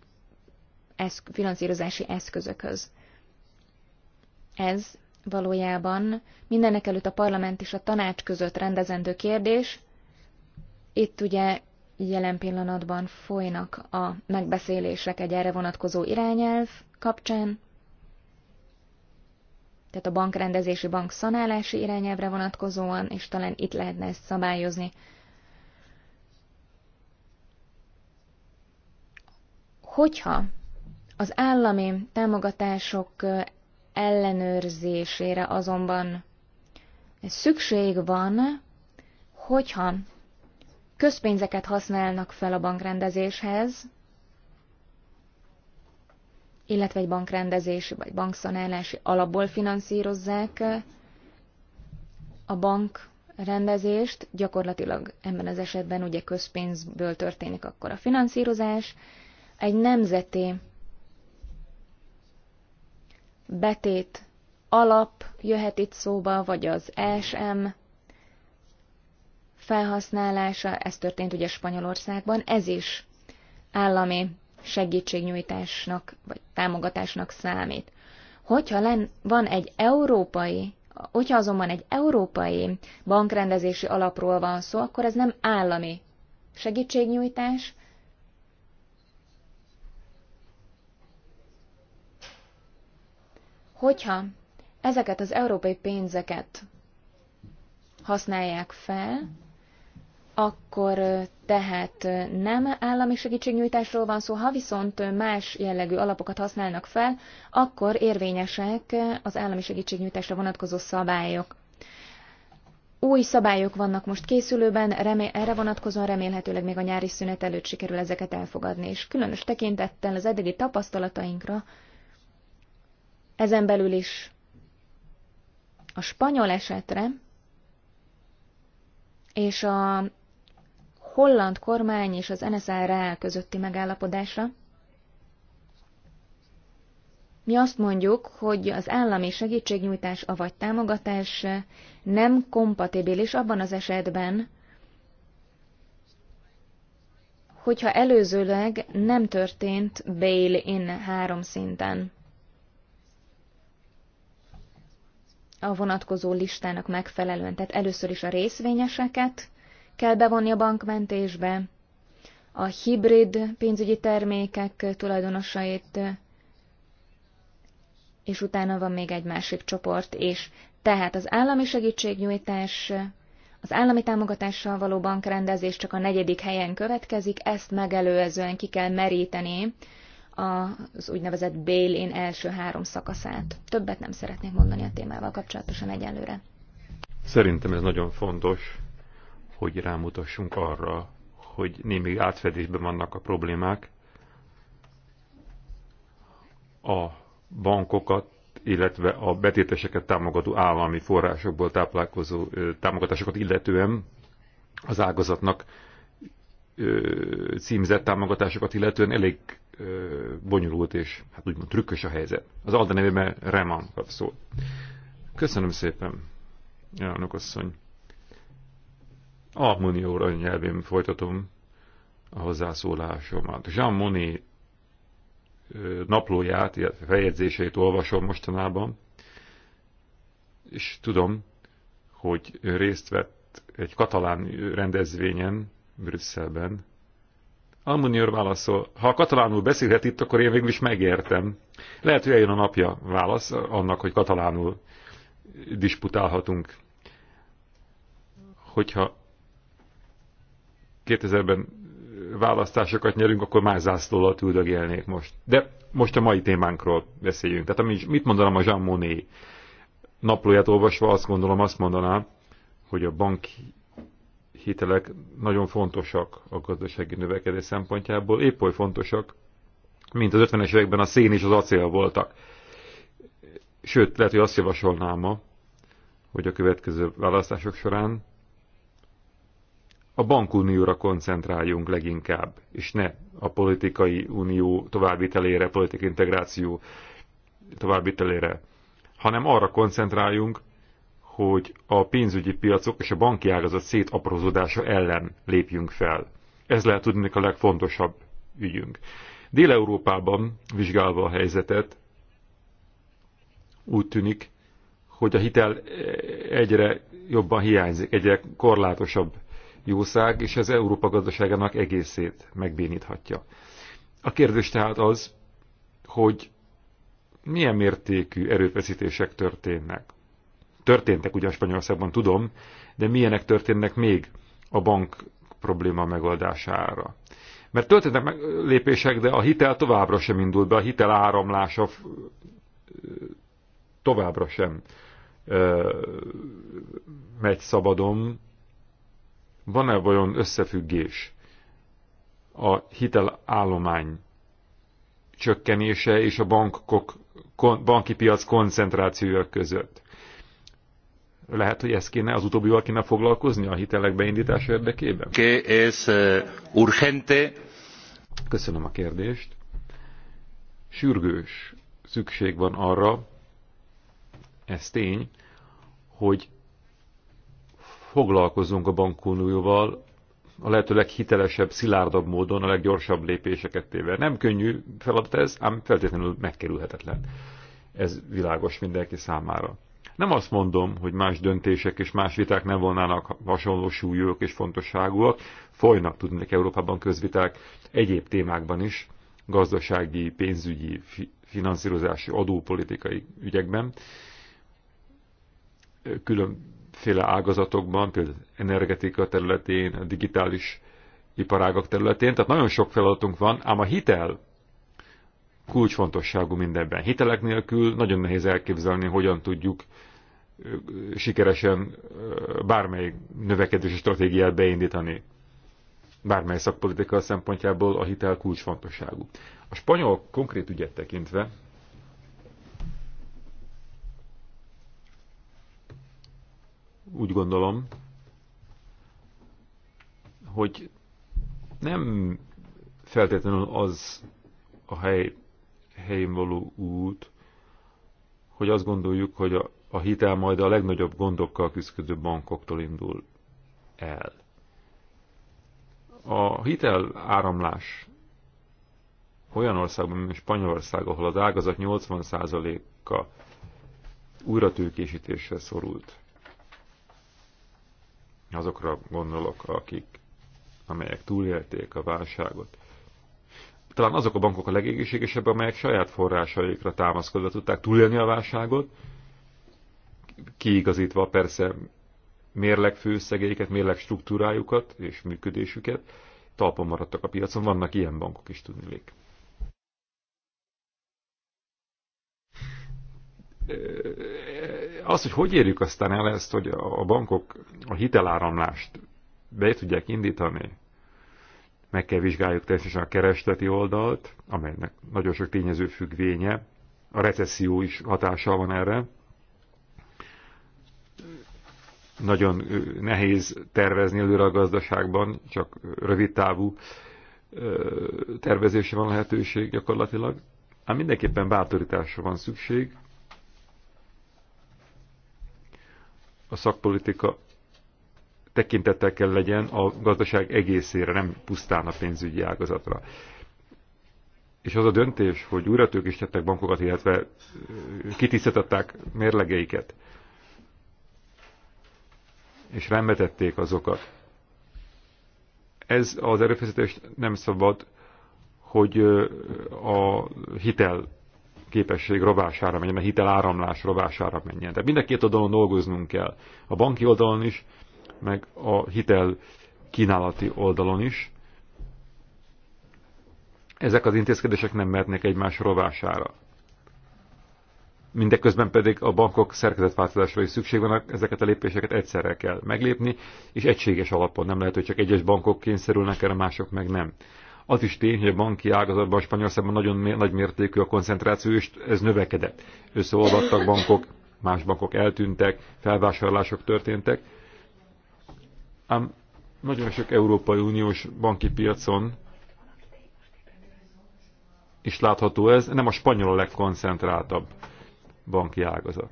eszk- finanszírozási eszközökhöz. Ez valójában mindenek előtt a parlament és a tanács között rendezendő kérdés. Itt ugye jelen pillanatban folynak a megbeszélések egy erre vonatkozó irányelv kapcsán, tehát a bankrendezési, bankszanálási irányelvre vonatkozóan, és talán itt lehetne ezt szabályozni. Hogyha az állami támogatások ellenőrzésére azonban szükség van, hogyha közpénzeket használnak fel a bankrendezéshez, illetve egy bankrendezési vagy bankszanálási alapból finanszírozzák a bankrendezést, gyakorlatilag ebben az esetben ugye közpénzből történik akkor a finanszírozás, egy nemzeti betét alap jöhet itt szóba, vagy az ESM felhasználása, ez történt ugye Spanyolországban, ez is állami segítségnyújtásnak vagy támogatásnak számít. Hogyha len, van egy európai, hogyha azonban egy európai bankrendezési alapról van szó, akkor ez nem állami segítségnyújtás, Hogyha ezeket az európai pénzeket használják fel, akkor tehát nem állami segítségnyújtásról van szó, ha viszont más jellegű alapokat használnak fel, akkor érvényesek az állami segítségnyújtásra vonatkozó szabályok. Új szabályok vannak most készülőben, remé- erre vonatkozóan remélhetőleg még a nyári szünet előtt sikerül ezeket elfogadni, és különös tekintettel az eddigi tapasztalatainkra ezen belül is a spanyol esetre és a holland kormány és az NSRL közötti megállapodásra, mi azt mondjuk, hogy az állami segítségnyújtás, avagy támogatás nem kompatibilis abban az esetben, hogyha előzőleg nem történt bail-in három szinten. a vonatkozó listának megfelelően. Tehát először is a részvényeseket kell bevonni a bankmentésbe, a hibrid pénzügyi termékek tulajdonosait, és utána van még egy másik csoport és Tehát az állami segítségnyújtás, az állami támogatással való bankrendezés csak a negyedik helyen következik, ezt megelőzően ki kell meríteni az úgynevezett Bélén első három szakaszát. Többet nem szeretnék mondani a témával kapcsolatosan egyelőre. Szerintem ez nagyon fontos, hogy rámutassunk arra, hogy némi átfedésben vannak a problémák. A bankokat, illetve a betéteseket támogató állami forrásokból táplálkozó támogatásokat illetően az ágazatnak címzett támogatásokat illetően elég bonyolult és hát úgymond trükkös a helyzet. Az Alda nevében Reman kap szót. Köszönöm szépen, elnök asszony. Almoni óra nyelvén folytatom a hozzászólásomat. Jean Moni naplóját, illetve feljegyzéseit olvasom mostanában, és tudom, hogy részt vett egy katalán rendezvényen Brüsszelben, Almunior válaszol, ha a katalánul beszélhet itt, akkor én végül is megértem. Lehet, hogy eljön a napja válasz annak, hogy katalánul disputálhatunk. Hogyha 2000-ben választásokat nyerünk, akkor más zászlólat üldögélnék most. De most a mai témánkról beszéljünk. Tehát amit, mit mondanám a Jean Monnet naplóját olvasva, azt gondolom, azt mondanám, hogy a banki hitelek nagyon fontosak a gazdasági növekedés szempontjából, épp oly fontosak, mint az 50-es években a szén és az acél voltak. Sőt, lehet, hogy azt javasolnám ma, hogy a következő választások során a bankunióra koncentráljunk leginkább, és ne a politikai unió továbbvitelére, politikai integráció továbbvitelére, hanem arra koncentráljunk, hogy a pénzügyi piacok és a banki ágazat szétaprózódása ellen lépjünk fel. Ez lehet tudni a legfontosabb ügyünk. Dél-Európában vizsgálva a helyzetet, úgy tűnik, hogy a hitel egyre jobban hiányzik, egyre korlátosabb jószág, és ez Európa gazdaságának egészét megbéníthatja. A kérdés tehát az, hogy milyen mértékű erőfeszítések történnek történtek ugyan Spanyolországban, tudom, de milyenek történnek még a bank probléma megoldására. Mert meg lépések, de a hitel továbbra sem indult be, a hitel áramlása továbbra sem megy szabadon. Van-e vajon összefüggés a hitelállomány csökkenése és a bankok, banki piac koncentrációja között? Lehet, hogy ez kéne, az utóbbival kéne foglalkozni a hitelek beindítása érdekében? Que es eh, urgente. Köszönöm a kérdést. Sürgős szükség van arra, ez tény, hogy foglalkozzunk a bankunióval a lehető leghitelesebb, szilárdabb módon a leggyorsabb lépéseket téve. Nem könnyű feladat ez, ám feltétlenül megkerülhetetlen. Ez világos mindenki számára. Nem azt mondom, hogy más döntések és más viták nem volnának hasonló súlyúak és fontosságúak, folynak tudnak Európában közviták egyéb témákban is, gazdasági, pénzügyi, finanszírozási, adópolitikai ügyekben, különféle ágazatokban, például energetika területén, a digitális iparágak területén, tehát nagyon sok feladatunk van, ám a hitel kulcsfontosságú mindenben. Hitelek nélkül nagyon nehéz elképzelni, hogyan tudjuk sikeresen bármely növekedési stratégiát beindítani. Bármely szakpolitika szempontjából a hitel kulcsfontosságú. A spanyol konkrét ügyet tekintve úgy gondolom, hogy nem feltétlenül az a hely helyén való út, hogy azt gondoljuk, hogy a, a hitel majd a legnagyobb gondokkal küzdő bankoktól indul el. A hitel áramlás olyan országban, mint Spanyolország, ahol az ágazat 80%-a újratőkésítésre szorult. Azokra gondolok, akik, amelyek túlélték a válságot talán azok a bankok a legégészségesebb, amelyek saját forrásaikra támaszkodva tudták túlélni a válságot, kiigazítva persze mérleg főszegeiket, mérleg struktúrájukat és működésüket, talpon maradtak a piacon, vannak ilyen bankok is tudnilék. Az, hogy hogy érjük aztán el ezt, hogy a bankok a hiteláramlást be tudják indítani, meg kell vizsgáljuk természetesen a keresleti oldalt, amelynek nagyon sok tényező függvénye. A recesszió is hatással van erre. Nagyon nehéz tervezni előre a gazdaságban, csak rövidtávú tervezésre van lehetőség gyakorlatilag. Ám mindenképpen bátorításra van szükség. A szakpolitika tekintettel kell legyen a gazdaság egészére, nem pusztán a pénzügyi ágazatra. És az a döntés, hogy újra is tettek bankokat, illetve kitisztították mérlegeiket, és remetették azokat. Ez az erőfeszítés nem szabad, hogy a hitel képesség rovására menjen, a hitel áramlás rovására menjen. Tehát mind a két oldalon dolgoznunk kell. A banki oldalon is, meg a hitel kínálati oldalon is. Ezek az intézkedések nem mehetnek egymás rovására. Mindeközben pedig a bankok szerkezetváltozásra is szükség van, ezeket a lépéseket egyszerre kell meglépni, és egységes alapon nem lehet, hogy csak egyes bankok kényszerülnek erre, mások meg nem. Az is tény, hogy a banki ágazatban Spanyolországban nagyon nagy mértékű a koncentráció, és ez növekedett. Összeolvadtak bankok, más bankok eltűntek, felvásárlások történtek, Ám nagyon sok Európai Uniós banki piacon is látható ez, nem a spanyol a legkoncentráltabb banki ágazat.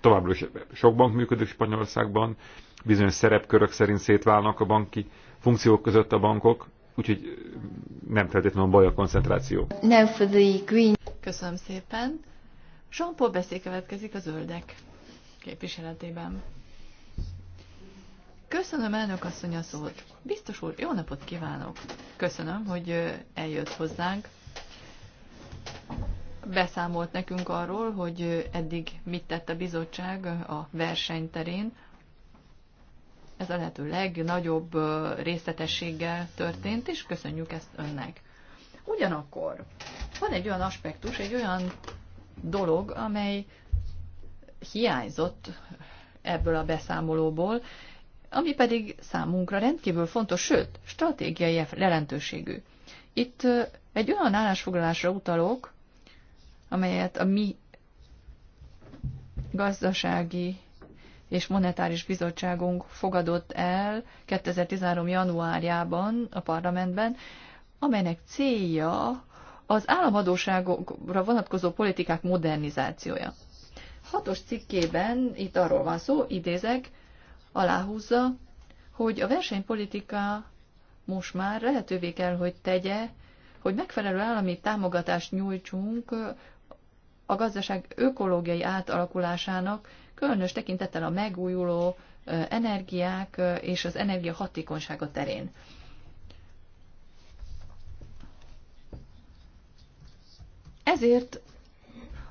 Továbbra is sok bank működik Spanyolországban, bizonyos szerepkörök szerint szétválnak a banki funkciók között a bankok, úgyhogy nem feltétlenül baj a koncentráció. Now for the green. Köszönöm szépen. Jean-Paul beszél következik a zöldek képviseletében. Köszönöm, elnök asszony a szót. Biztos úr, jó napot kívánok. Köszönöm, hogy eljött hozzánk. Beszámolt nekünk arról, hogy eddig mit tett a bizottság a versenyterén. Ez a lehető legnagyobb részletességgel történt, és köszönjük ezt önnek. Ugyanakkor van egy olyan aspektus, egy olyan dolog, amely hiányzott ebből a beszámolóból, ami pedig számunkra rendkívül fontos, sőt, stratégiai jelentőségű. Itt egy olyan állásfoglalásra utalok, amelyet a mi gazdasági és monetáris bizottságunk fogadott el 2013. januárjában a parlamentben, amelynek célja az államadóságokra vonatkozó politikák modernizációja. Hatos cikkében itt arról van szó, idézek, aláhúzza, hogy a versenypolitika most már lehetővé kell, hogy tegye, hogy megfelelő állami támogatást nyújtsunk a gazdaság ökológiai átalakulásának, különös tekintettel a megújuló energiák és az energia hatékonysága terén. Ezért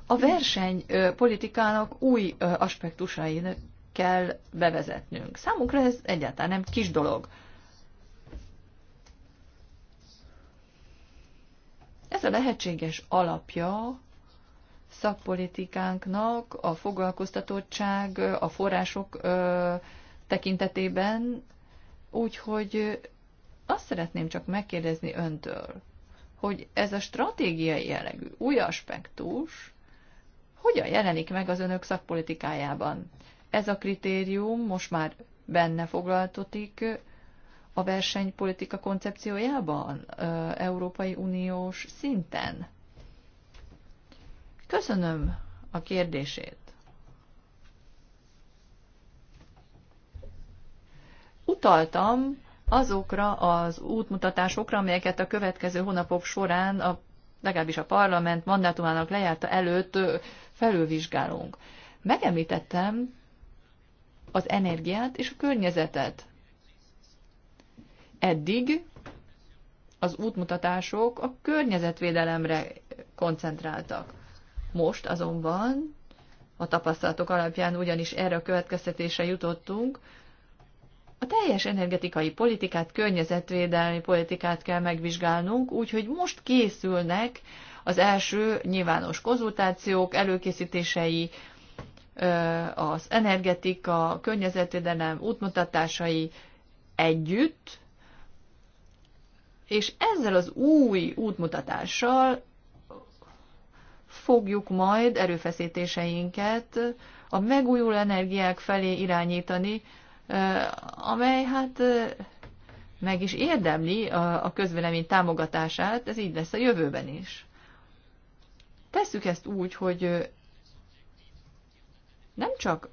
a versenypolitikának új aspektusai kell bevezetnünk. Számunkra ez egyáltalán nem kis dolog. Ez a lehetséges alapja szakpolitikánknak a foglalkoztatottság, a források tekintetében, úgyhogy azt szeretném csak megkérdezni öntől, hogy ez a stratégiai jellegű új aspektus hogyan jelenik meg az önök szakpolitikájában. Ez a kritérium most már benne foglaltatik a versenypolitika koncepciójában, Európai Uniós szinten. Köszönöm a kérdését. Utaltam azokra az útmutatásokra, amelyeket a következő hónapok során, a, legalábbis a parlament mandátumának lejárta előtt felülvizsgálunk. Megemlítettem, az energiát és a környezetet. Eddig az útmutatások a környezetvédelemre koncentráltak. Most azonban a tapasztalatok alapján ugyanis erre a következtetésre jutottunk, a teljes energetikai politikát, környezetvédelmi politikát kell megvizsgálnunk, úgyhogy most készülnek az első nyilvános konzultációk, előkészítései, az energetika, környezetvédelem útmutatásai együtt, és ezzel az új útmutatással fogjuk majd erőfeszítéseinket a megújuló energiák felé irányítani, amely hát meg is érdemli a közvélemény támogatását, ez így lesz a jövőben is. Tesszük ezt úgy, hogy nem csak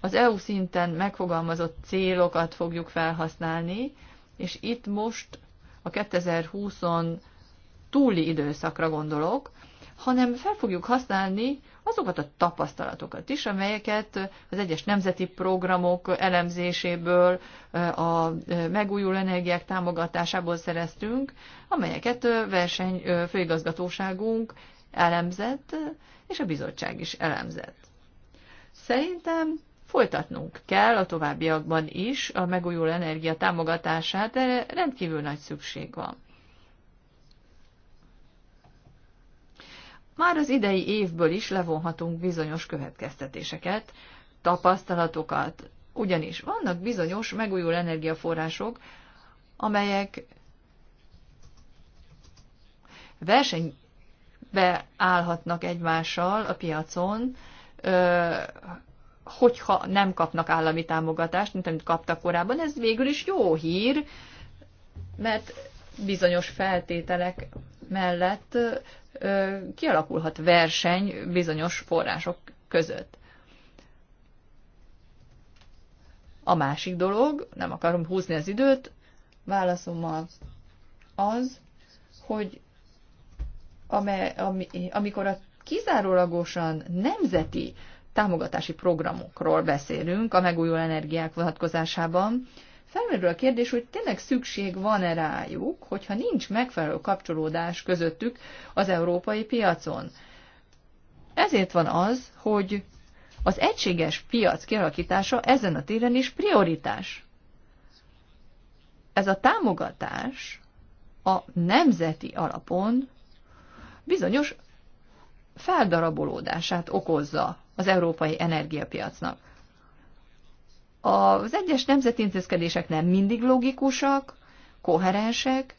az EU szinten megfogalmazott célokat fogjuk felhasználni, és itt most a 2020-on túli időszakra gondolok, hanem fel fogjuk használni azokat a tapasztalatokat is, amelyeket az egyes nemzeti programok elemzéséből, a megújuló energiák támogatásából szereztünk, amelyeket főigazgatóságunk elemzett, és a bizottság is elemzett. Szerintem folytatnunk kell a továbbiakban is a megújuló energia támogatását, erre rendkívül nagy szükség van. Már az idei évből is levonhatunk bizonyos következtetéseket, tapasztalatokat, ugyanis vannak bizonyos megújuló energiaforrások, amelyek versenybe állhatnak egymással a piacon, hogyha nem kapnak állami támogatást, mint amit kaptak korábban. Ez végül is jó hír, mert bizonyos feltételek mellett kialakulhat verseny bizonyos források között. A másik dolog, nem akarom húzni az időt, válaszom az, az hogy ami, amikor a kizárólagosan nemzeti támogatási programokról beszélünk a megújuló energiák vonatkozásában, felmerül a kérdés, hogy tényleg szükség van-e rájuk, hogyha nincs megfelelő kapcsolódás közöttük az európai piacon. Ezért van az, hogy az egységes piac kialakítása ezen a téren is prioritás. Ez a támogatás a nemzeti alapon bizonyos feldarabolódását okozza az európai energiapiacnak. Az egyes nemzeti intézkedések nem mindig logikusak, koherensek,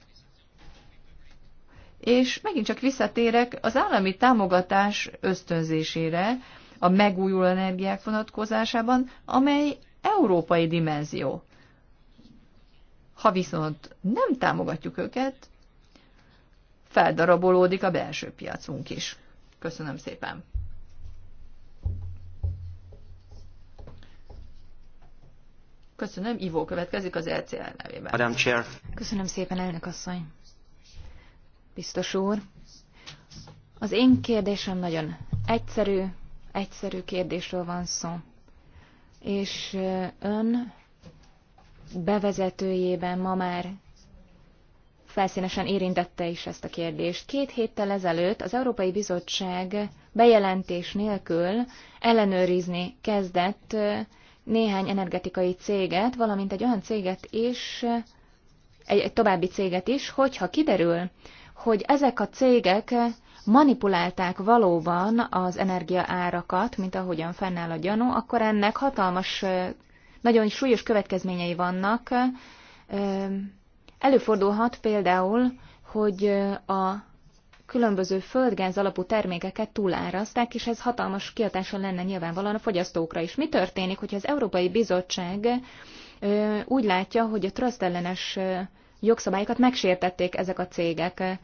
és megint csak visszatérek az állami támogatás ösztönzésére a megújuló energiák vonatkozásában, amely európai dimenzió. Ha viszont nem támogatjuk őket, feldarabolódik a belső piacunk is. Köszönöm szépen. Köszönöm, Ivó következik az LCL e nevében. Madam Chair. Köszönöm szépen, elnök asszony. Biztos úr. Az én kérdésem nagyon egyszerű, egyszerű kérdésről van szó. És ön bevezetőjében ma már felszínesen érintette is ezt a kérdést. Két héttel ezelőtt az Európai Bizottság bejelentés nélkül ellenőrizni kezdett néhány energetikai céget, valamint egy olyan céget is, egy, egy további céget is, hogyha kiderül, hogy ezek a cégek manipulálták valóban az energiaárakat, mint ahogyan fennáll a gyanú, akkor ennek hatalmas, nagyon súlyos következményei vannak Előfordulhat például, hogy a különböző földgáz alapú termékeket túlárazták, és ez hatalmas kiadása lenne nyilvánvalóan a fogyasztókra is. Mi történik, hogyha az Európai Bizottság úgy látja, hogy a trösztellenes jogszabályokat megsértették ezek a cégek?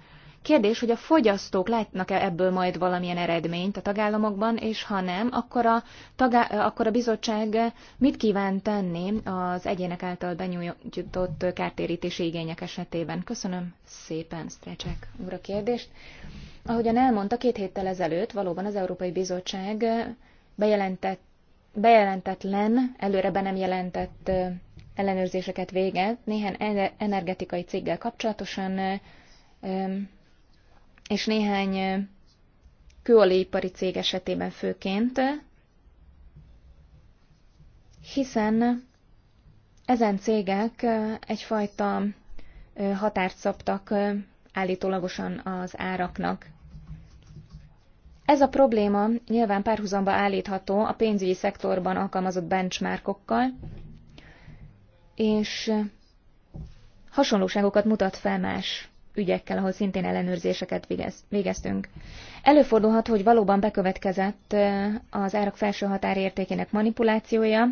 Kérdés, hogy a fogyasztók látnak-e ebből majd valamilyen eredményt a tagállamokban, és ha nem, akkor a, tagá- akkor a bizottság mit kíván tenni az egyének által benyújtott kártérítési igények esetében? Köszönöm szépen, Strecsek úr a kérdést. Ahogyan elmondta, két héttel ezelőtt valóban az Európai Bizottság bejelentett, bejelentetlen, előre be nem jelentett ellenőrzéseket végez néhány energetikai céggel kapcsolatosan és néhány kőolajipari cég esetében főként, hiszen ezen cégek egyfajta határt szabtak állítólagosan az áraknak. Ez a probléma nyilván párhuzamba állítható a pénzügyi szektorban alkalmazott benchmarkokkal, és hasonlóságokat mutat fel más ügyekkel, ahol szintén ellenőrzéseket végeztünk. Előfordulhat, hogy valóban bekövetkezett az árak felső határértékének manipulációja,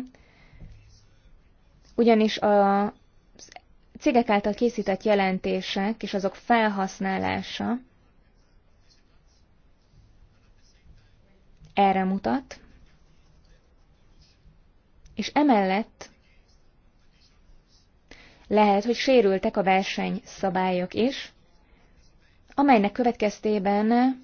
ugyanis a cégek által készített jelentések és azok felhasználása erre mutat, és emellett lehet, hogy sérültek a versenyszabályok is, amelynek következtében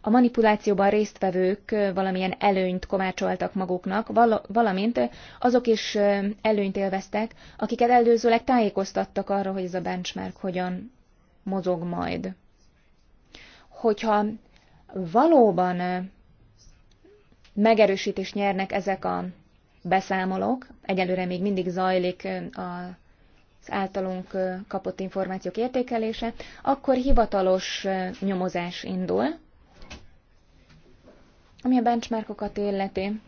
a manipulációban résztvevők valamilyen előnyt kovácsoltak maguknak, valamint azok is előnyt élveztek, akiket előzőleg tájékoztattak arra, hogy ez a benchmark hogyan mozog majd. Hogyha valóban megerősítést nyernek ezek a beszámolók, egyelőre még mindig zajlik a az általunk kapott információk értékelése, akkor hivatalos nyomozás indul, ami a benchmarkokat illeti.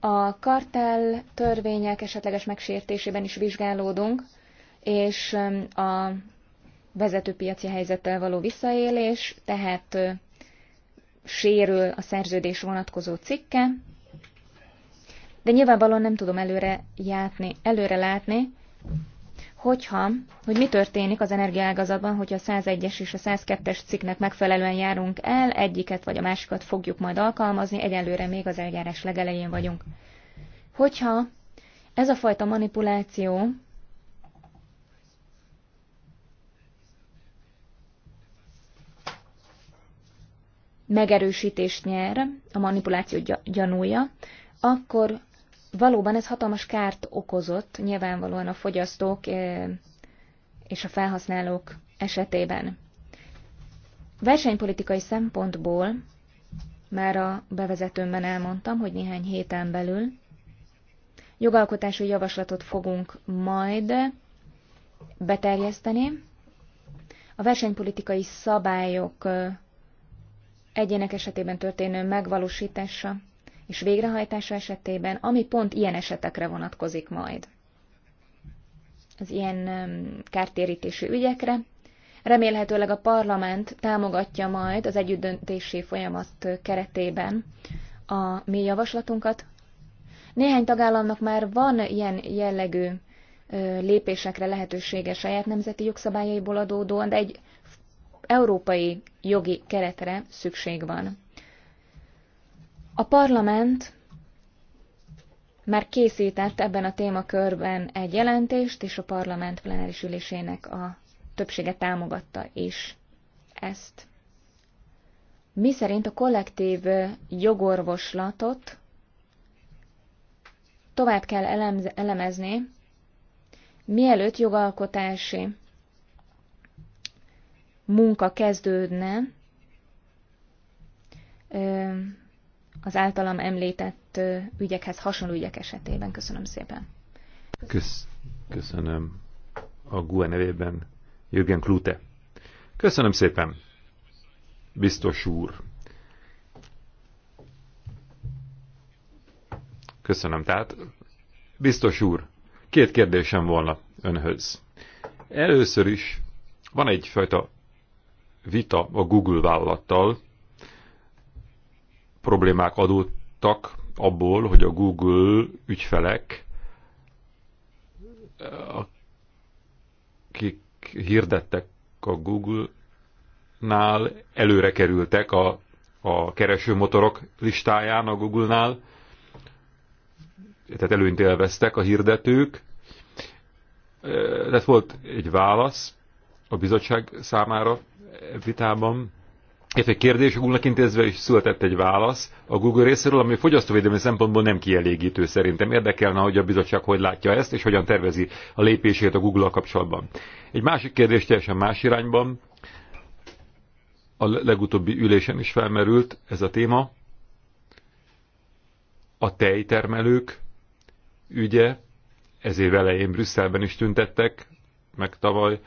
A kartel törvények esetleges megsértésében is vizsgálódunk, és a vezetőpiaci helyzettel való visszaélés, tehát sérül a szerződés vonatkozó cikke, de nyilvánvalóan nem tudom előre, játni, előre látni, hogyha, hogy mi történik az energiaágazatban, hogyha a 101-es és a 102-es cikknek megfelelően járunk el, egyiket vagy a másikat fogjuk majd alkalmazni, egyelőre még az eljárás legelején vagyunk. Hogyha ez a fajta manipuláció megerősítést nyer, a manipuláció gyanúja, akkor valóban ez hatalmas kárt okozott nyilvánvalóan a fogyasztók eh, és a felhasználók esetében. Versenypolitikai szempontból már a bevezetőmben elmondtam, hogy néhány héten belül jogalkotási javaslatot fogunk majd beterjeszteni. A versenypolitikai szabályok eh, egyének esetében történő megvalósítása és végrehajtása esetében, ami pont ilyen esetekre vonatkozik majd. Az ilyen kártérítésű ügyekre. Remélhetőleg a parlament támogatja majd az együttdöntési folyamat keretében a mi javaslatunkat. Néhány tagállamnak már van ilyen jellegű lépésekre lehetősége saját nemzeti jogszabályaiból adódóan, de egy európai jogi keretre szükség van. A parlament már készített ebben a témakörben egy jelentést, és a parlament plenáris ülésének a többsége támogatta is ezt. Mi szerint a kollektív jogorvoslatot tovább kell elemezni, mielőtt jogalkotási munka kezdődne, az általam említett ügyekhez hasonló ügyek esetében. Köszönöm szépen. Kösz, köszönöm a GUE nevében Jürgen Klute. Köszönöm szépen, biztos úr. Köszönöm, tehát biztos úr, két kérdésem volna önhöz. Először is van egyfajta vita a Google vállalattal, problémák adódtak abból, hogy a Google ügyfelek, eh, akik hirdettek a Google-nál, előre kerültek a, a keresőmotorok listáján a Google-nál, tehát előnyt élveztek a hirdetők. Eh, tehát volt egy válasz a bizottság számára e vitában, egy kérdés Google-nak intézve is született egy válasz a Google részéről, ami fogyasztóvédelmi szempontból nem kielégítő szerintem. Érdekelne, hogy a bizottság hogy látja ezt, és hogyan tervezi a lépését a Google-al kapcsolatban. Egy másik kérdés teljesen más irányban, a legutóbbi ülésen is felmerült ez a téma, a tejtermelők ügye, Ezért vele elején Brüsszelben is tüntettek, meg tavaly,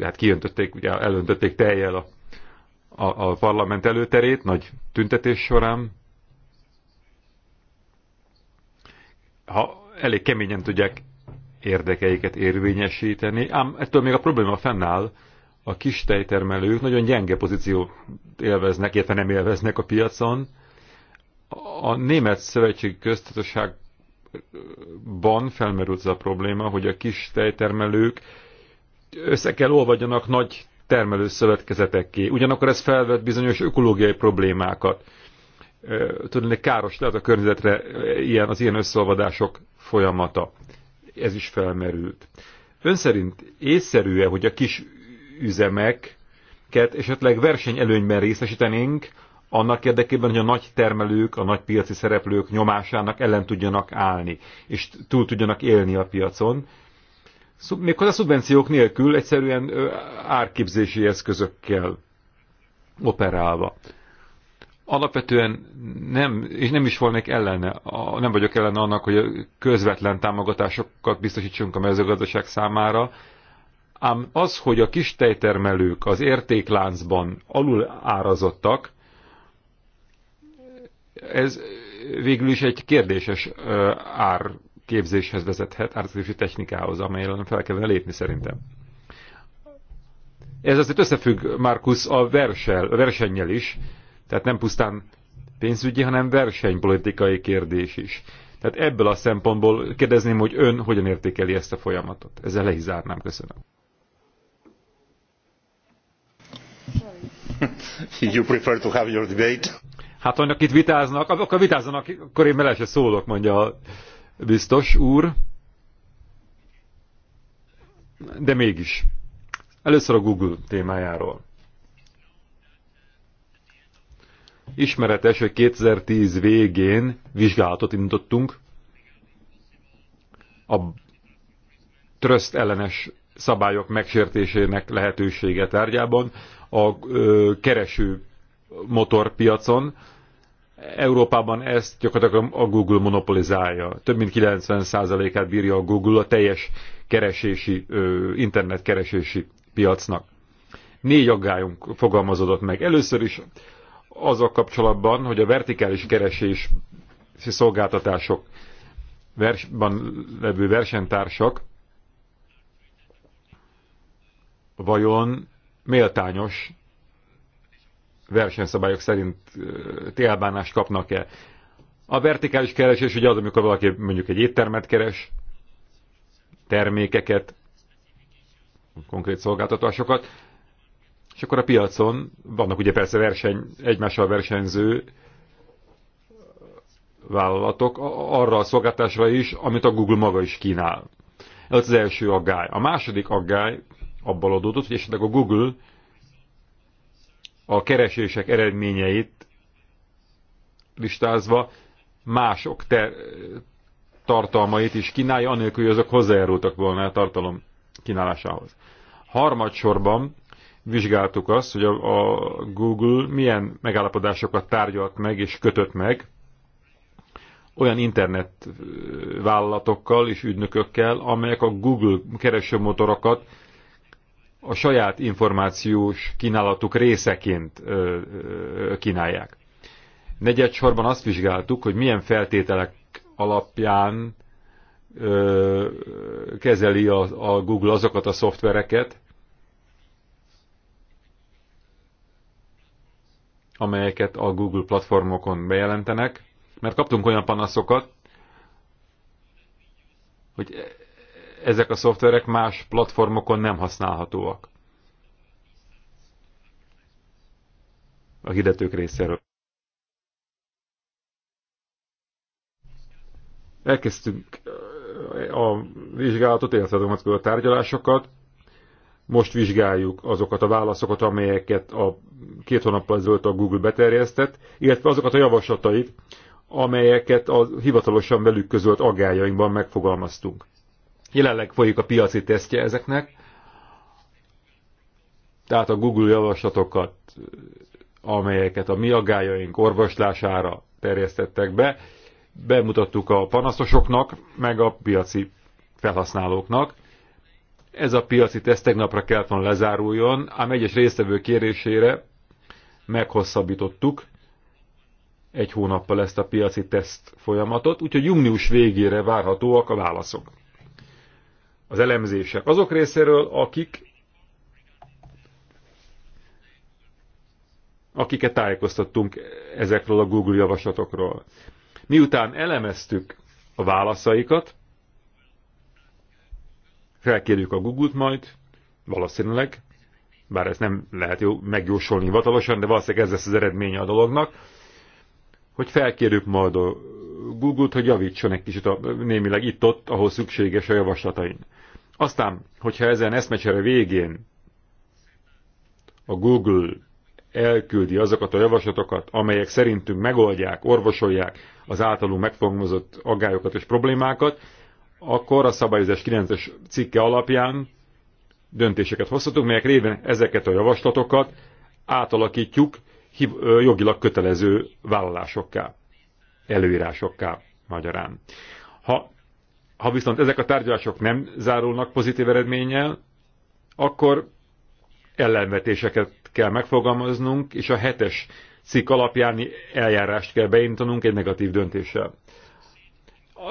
hát kijöntötték, ugye elöntötték tejjel a a, a parlament előterét nagy tüntetés során. Ha elég keményen tudják érdekeiket érvényesíteni, ám ettől még a probléma fennáll, a kis tejtermelők nagyon gyenge pozíciót élveznek, illetve nem élveznek a piacon. A Német Szövetségi Köztársaságban felmerült ez a probléma, hogy a kis tejtermelők össze kell olvadjanak nagy szövetkezetekké. Ugyanakkor ez felvet bizonyos ökológiai problémákat. Tudni, káros lehet a környezetre ilyen, az ilyen összeolvadások folyamata. Ez is felmerült. Ön szerint észszerű-e, hogy a kis üzemeket esetleg versenyelőnyben részesítenénk, annak érdekében, hogy a nagy termelők, a nagy piaci szereplők nyomásának ellen tudjanak állni, és túl tudjanak élni a piacon, méghozzá szubvenciók nélkül, egyszerűen árképzési eszközökkel operálva. Alapvetően nem, és nem is volnék ellene, nem vagyok ellene annak, hogy közvetlen támogatásokat biztosítsunk a mezőgazdaság számára, ám az, hogy a kis tejtermelők az értékláncban alul árazottak, ez végül is egy kérdéses ár képzéshez vezethet, ártatlési technikához, amelyen fel kellene lépni szerintem. Ez azért összefügg, Markus, a, versel, a versennyel is, tehát nem pusztán pénzügyi, hanem versenypolitikai kérdés is. Tehát ebből a szempontból kérdezném, hogy ön hogyan értékeli ezt a folyamatot. Ezzel le is zárnám. Köszönöm. [laughs] You prefer to have your debate? Hát annak itt vitáznak, akkor vitázzanak, akkor én mele szólok, mondja a biztos úr, de mégis. Először a Google témájáról. Ismeretes, hogy 2010 végén vizsgálatot indítottunk a tröszt ellenes szabályok megsértésének lehetősége tárgyában a kereső motorpiacon, Európában ezt gyakorlatilag a Google monopolizálja. Több mint 90%-át bírja a Google a teljes keresési, internetkeresési piacnak. Négy aggályunk fogalmazódott meg. Először is az a kapcsolatban, hogy a vertikális keresési szolgáltatások versban levő versenytársak vajon méltányos versenyszabályok szerint télbánást kapnak-e. A vertikális keresés ugye az, amikor valaki mondjuk egy éttermet keres, termékeket, konkrét szolgáltatásokat, és akkor a piacon vannak ugye persze verseny, egymással versenyző vállalatok arra a szolgáltásra is, amit a Google maga is kínál. Ez az első aggály. A második aggály abban adódott, hogy esetleg a Google a keresések eredményeit listázva mások ter tartalmait is kínálja, anélkül, hogy azok hozzájárultak volna a tartalom kínálásához. Harmadsorban vizsgáltuk azt, hogy a, a Google milyen megállapodásokat tárgyalt meg és kötött meg olyan internet vállalatokkal és ügynökökkel, amelyek a Google keresőmotorokat a saját információs kínálatuk részeként kínálják. Negyed sorban azt vizsgáltuk, hogy milyen feltételek alapján kezeli a Google azokat a szoftvereket, amelyeket a Google platformokon bejelentenek, mert kaptunk olyan panaszokat, hogy ezek a szoftverek más platformokon nem használhatóak. A hirdetők részéről. Elkezdtünk eh, a vizsgálatot, illetve a tárgyalásokat. Most vizsgáljuk azokat a válaszokat, amelyeket a két hónappal ezelőtt a Google beterjesztett, illetve azokat a javaslatait, amelyeket a hivatalosan velük közölt aggájainkban megfogalmaztunk. Jelenleg folyik a piaci tesztje ezeknek, tehát a Google javaslatokat, amelyeket a mi aggájaink orvoslására terjesztettek be, bemutattuk a panaszosoknak, meg a piaci felhasználóknak. Ez a piaci teszt tegnapra kellett volna lezáruljon, ám egyes résztvevő kérésére meghosszabbítottuk egy hónappal ezt a piaci teszt folyamatot, úgyhogy június végére várhatóak a válaszok az elemzések azok részéről, akik akiket tájékoztattunk ezekről a Google javaslatokról. Miután elemeztük a válaszaikat, felkérjük a Google-t majd, valószínűleg, bár ezt nem lehet jó, megjósolni hivatalosan, de valószínűleg ez lesz az eredménye a dolognak, hogy felkérjük majd a Google-t, hogy javítson egy kicsit a, némileg itt-ott, ahol szükséges a javaslatain. Aztán, hogyha ezen eszmecsere végén a Google elküldi azokat a javaslatokat, amelyek szerintünk megoldják, orvosolják az általunk megfogalmazott aggályokat és problémákat, akkor a szabályozás 9-es cikke alapján döntéseket hozhatunk, melyek révén ezeket a javaslatokat átalakítjuk jogilag kötelező vállalásokká, előírásokká magyarán. Ha ha viszont ezek a tárgyalások nem zárulnak pozitív eredménnyel, akkor ellenvetéseket kell megfogalmaznunk, és a hetes cikk alapjáni eljárást kell beintanunk egy negatív döntéssel.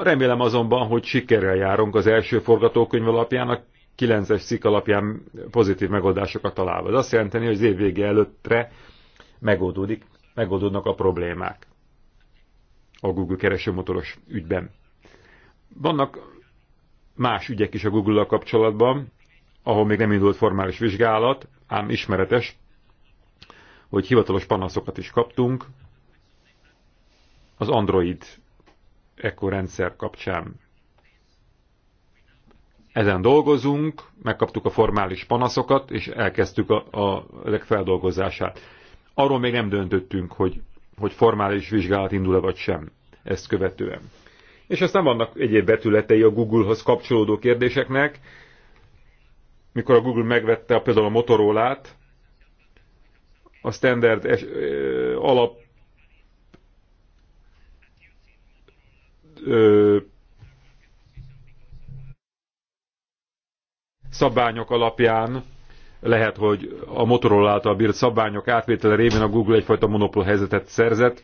Remélem azonban, hogy sikerrel járunk az első forgatókönyv alapján, a 9-es cikk alapján pozitív megoldásokat találva. Ez azt jelenti, hogy az év vége előttre megoldódik, megoldódnak a problémák a Google keresőmotoros ügyben. Vannak más ügyek is a Google-lal kapcsolatban, ahol még nem indult formális vizsgálat, ám ismeretes, hogy hivatalos panaszokat is kaptunk az Android Eco rendszer kapcsán. Ezen dolgozunk, megkaptuk a formális panaszokat, és elkezdtük a, a legfeldolgozását. Arról még nem döntöttünk, hogy, hogy formális vizsgálat indul-e vagy sem, ezt követően és aztán vannak egyéb betületei a Googlehoz kapcsolódó kérdéseknek. Mikor a Google megvette a, például a Motorola-t, a standard es, ö, alap ö, szabványok alapján lehet, hogy a Motorola által bírt szabványok átvétele révén a Google egyfajta monopól helyzetet szerzett,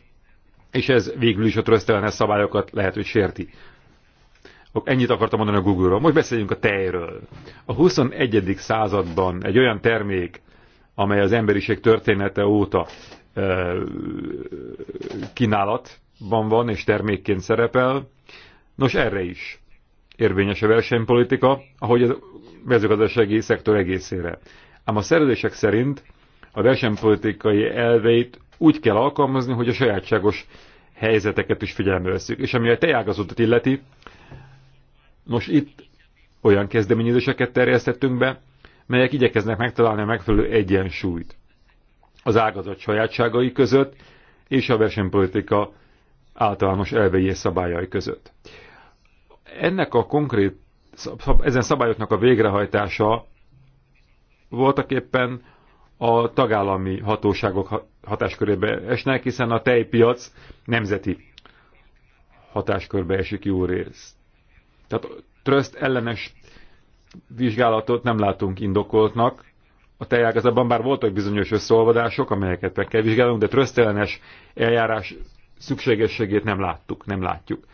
és ez végül is a trösztelenes szabályokat lehet, hogy sérti. Ennyit akartam mondani a Google-ról. Most beszéljünk a tejről. A 21. században egy olyan termék, amely az emberiség története óta ö, kínálatban van és termékként szerepel, nos erre is érvényes a versenypolitika, ahogy a mezőgazdasági szektor egészére. Ám a szerződések szerint a versenypolitikai elveit úgy kell alkalmazni, hogy a sajátságos helyzeteket is figyelembe veszük. És ami a ágazatot illeti, nos itt olyan kezdeményezéseket terjesztettünk be, melyek igyekeznek megtalálni a megfelelő egyensúlyt az ágazat sajátságai között és a versenypolitika általános elvei és szabályai között. Ennek a konkrét, ezen szabályoknak a végrehajtása voltak éppen a tagállami hatóságok hatáskörébe esnek, hiszen a tejpiac nemzeti hatáskörbe esik jó rész. Tehát tröszt ellenes vizsgálatot nem látunk indokoltnak. A tejágazatban bár voltak bizonyos összeolvadások, amelyeket meg kell vizsgálnunk, de tröszt ellenes eljárás szükségességét nem láttuk, nem látjuk.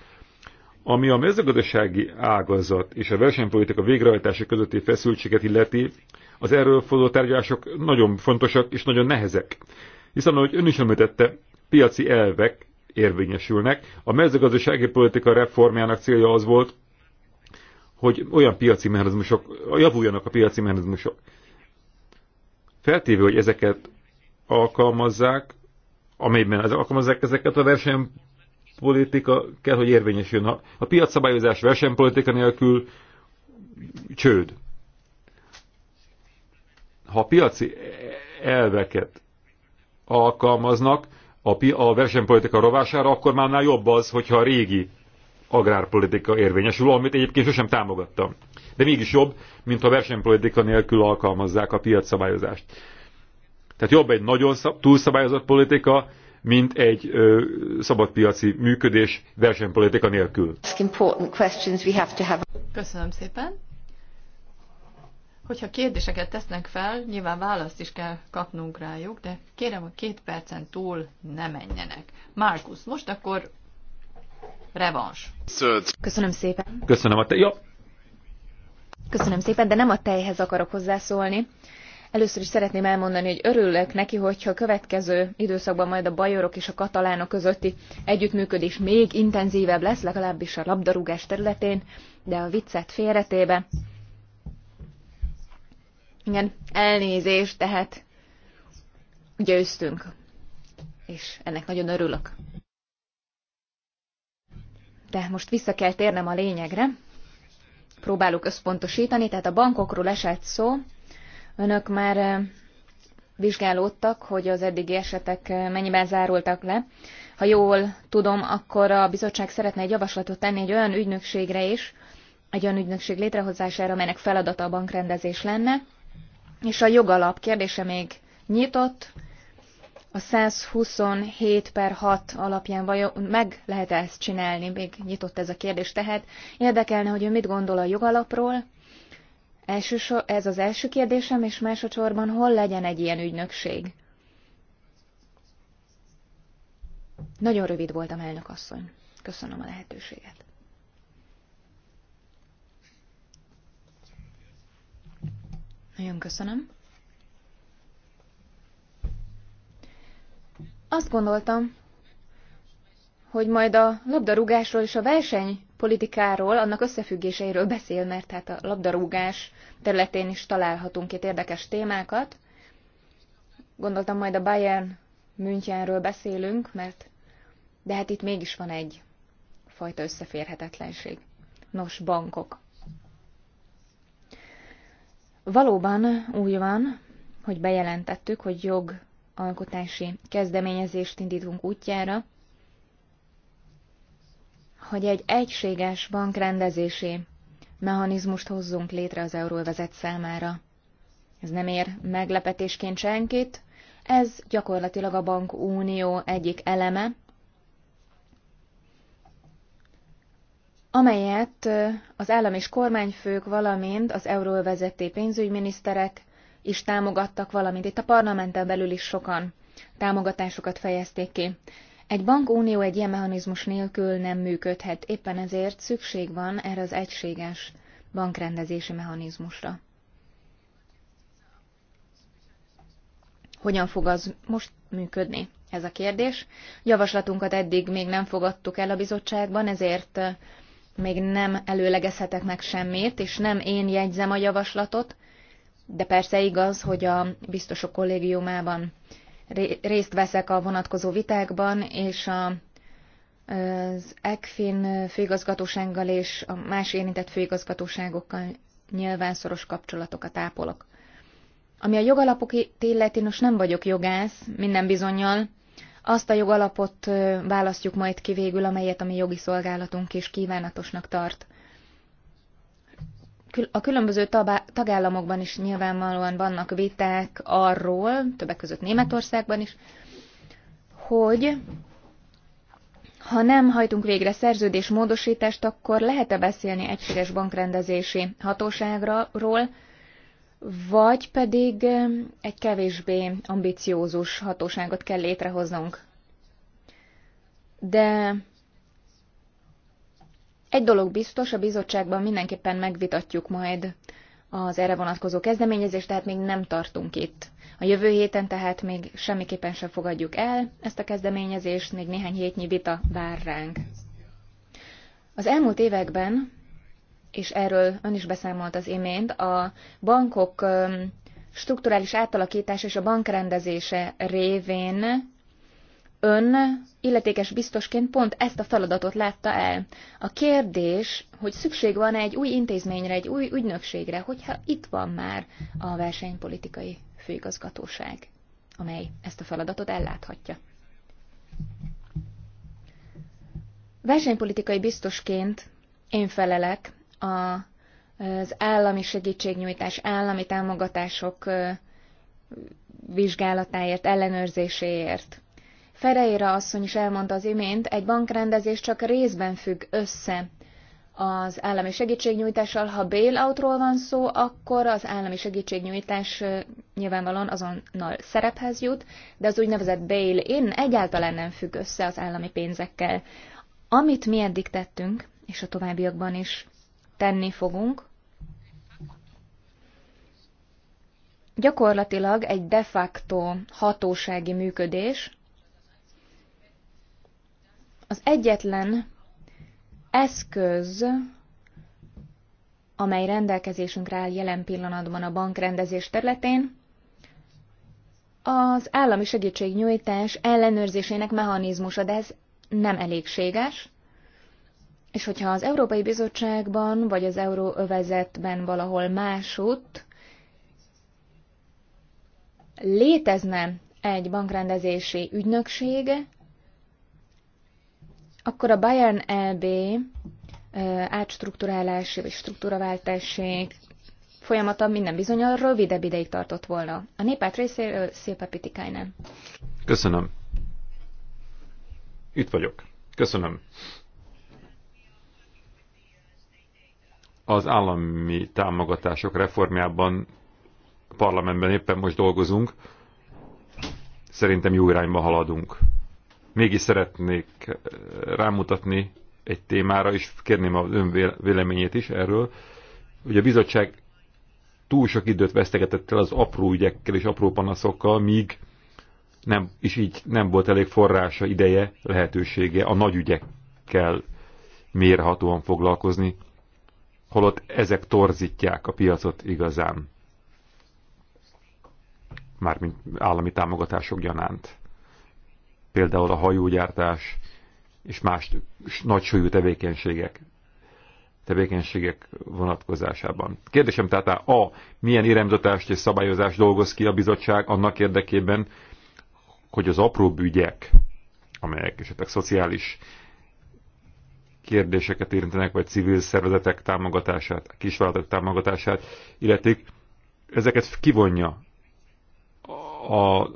Ami a mezőgazdasági ágazat és a versenypolitika végrehajtása közötti feszültséget illeti, az erről forduló tárgyalások nagyon fontosak és nagyon nehezek hiszen ahogy ön is említette, piaci elvek érvényesülnek. A mezőgazdasági politika reformjának célja az volt, hogy olyan piaci mechanizmusok, javuljanak a piaci mechanizmusok. Feltéve, hogy ezeket alkalmazzák, amelyben ezek alkalmazzák ezeket a versenypolitika kell, hogy érvényesüljön. A, a piacszabályozás versenypolitika nélkül csőd. Ha a piaci elveket alkalmaznak a, a versenypolitika rovására, akkor már már jobb az, hogyha a régi agrárpolitika érvényesül, amit egyébként sosem támogattam. De mégis jobb, mint a versenypolitika nélkül alkalmazzák a piacszabályozást. Tehát jobb egy nagyon túlszabályozott politika, mint egy ö, szabadpiaci működés versenypolitika nélkül. Köszönöm szépen. Hogyha kérdéseket tesznek fel, nyilván választ is kell kapnunk rájuk, de kérem, hogy két percen túl ne menjenek. Markus, most akkor revans. Köszönöm szépen. Köszönöm a te... Jó. Köszönöm szépen, de nem a tejhez akarok hozzászólni. Először is szeretném elmondani, hogy örülök neki, hogyha a következő időszakban majd a bajorok és a katalánok közötti együttműködés még intenzívebb lesz, legalábbis a labdarúgás területén, de a viccet félretébe. Igen, elnézést, tehát győztünk, és ennek nagyon örülök. De most vissza kell térnem a lényegre. Próbálok összpontosítani, tehát a bankokról esett szó. Önök már eh, vizsgálódtak, hogy az eddigi esetek eh, mennyiben zárultak le. Ha jól tudom, akkor a bizottság szeretne egy javaslatot tenni egy olyan ügynökségre is, egy olyan ügynökség létrehozására, amelynek feladata a bankrendezés lenne. És a jogalap kérdése még nyitott. A 127 per 6 alapján vajon meg lehet -e ezt csinálni? Még nyitott ez a kérdés, tehát érdekelne, hogy ő mit gondol a jogalapról. ez az első kérdésem, és másodszorban hol legyen egy ilyen ügynökség? Nagyon rövid voltam, elnök asszony. Köszönöm a lehetőséget. Nagyon köszönöm. Azt gondoltam, hogy majd a labdarúgásról és a versenypolitikáról, annak összefüggéseiről beszél, mert tehát a labdarúgás területén is találhatunk itt érdekes témákat. Gondoltam, majd a Bayern Münchenről beszélünk, mert de hát itt mégis van egy fajta összeférhetetlenség. Nos, bankok. Valóban úgy van, hogy bejelentettük, hogy jogalkotási kezdeményezést indítunk útjára, hogy egy egységes bankrendezési mechanizmust hozzunk létre az euróvezet számára. Ez nem ér meglepetésként senkit, ez gyakorlatilag a bankunió egyik eleme, amelyet az állam és kormányfők, valamint az euróvezeté pénzügyminiszterek is támogattak, valamint itt a parlamenten belül is sokan támogatásokat fejezték ki. Egy bankunió egy ilyen mechanizmus nélkül nem működhet, éppen ezért szükség van erre az egységes bankrendezési mechanizmusra. Hogyan fog az most működni? Ez a kérdés. Javaslatunkat eddig még nem fogadtuk el a bizottságban, ezért még nem előlegezhetek meg semmit, és nem én jegyzem a javaslatot, de persze igaz, hogy a biztosok kollégiumában részt veszek a vonatkozó vitákban, és a, az ECFIN főigazgatósággal és a más érintett főigazgatóságokkal nyilván szoros kapcsolatokat ápolok. Ami a jogalapok illeti, most nem vagyok jogász, minden bizonyal, azt a jogalapot választjuk majd ki végül, amelyet a mi jogi szolgálatunk is kívánatosnak tart. A különböző tagállamokban is nyilvánvalóan vannak viták arról, többek között Németországban is, hogy ha nem hajtunk végre szerződés módosítást, akkor lehet-e beszélni egységes bankrendezési hatóságról, vagy pedig egy kevésbé ambiciózus hatóságot kell létrehoznunk. De egy dolog biztos, a bizottságban mindenképpen megvitatjuk majd az erre vonatkozó kezdeményezést, tehát még nem tartunk itt. A jövő héten tehát még semmiképpen sem fogadjuk el ezt a kezdeményezést, még néhány hétnyi vita vár ránk. Az elmúlt években és erről ön is beszámolt az imént, a bankok strukturális átalakítása és a bankrendezése révén ön illetékes biztosként pont ezt a feladatot látta el. A kérdés, hogy szükség van-e egy új intézményre, egy új ügynökségre, hogyha itt van már a versenypolitikai főigazgatóság, amely ezt a feladatot elláthatja. Versenypolitikai biztosként én felelek a, az állami segítségnyújtás, állami támogatások vizsgálatáért, ellenőrzéséért. Fereira asszony is elmondta az imént, egy bankrendezés csak részben függ össze az állami segítségnyújtással. Ha bailoutról van szó, akkor az állami segítségnyújtás nyilvánvalóan azonnal szerephez jut, de az úgynevezett bail-in egyáltalán nem függ össze az állami pénzekkel. Amit mi eddig tettünk, és a továbbiakban is tenni fogunk. Gyakorlatilag egy de facto hatósági működés. Az egyetlen eszköz, amely rendelkezésünkre áll jelen pillanatban a bankrendezés területén, az állami segítségnyújtás ellenőrzésének mechanizmusa, de ez nem elégséges. És hogyha az Európai Bizottságban, vagy az Euróövezetben valahol másutt létezne egy bankrendezési ügynökség, akkor a Bayern LB e átstruktúrálási vagy struktúraváltási folyamata minden bizonyal rövidebb ideig tartott volna. A népát részéről Szilpe Pitikainen. Köszönöm. Itt vagyok. Köszönöm. az állami támogatások reformjában parlamentben éppen most dolgozunk, szerintem jó irányba haladunk. Mégis szeretnék eh, rámutatni egy témára, és kérném az ön véleményét is erről, hogy a bizottság túl sok időt vesztegetett el az apró ügyekkel és apró panaszokkal, míg nem, és így nem volt elég forrása, ideje, lehetősége a nagy ügyekkel mérhatóan foglalkozni, holott ezek torzítják a piacot igazán. Mármint állami támogatások gyanánt. Például a hajógyártás és más nagysúlyú tevékenységek tevékenységek vonatkozásában. Kérdésem tehát a, milyen irányzatást és szabályozást dolgoz ki a bizottság annak érdekében, hogy az apró ügyek, amelyek esetleg szociális kérdéseket érintenek, vagy civil szervezetek támogatását, kisvállalatok támogatását illetik, ezeket kivonja az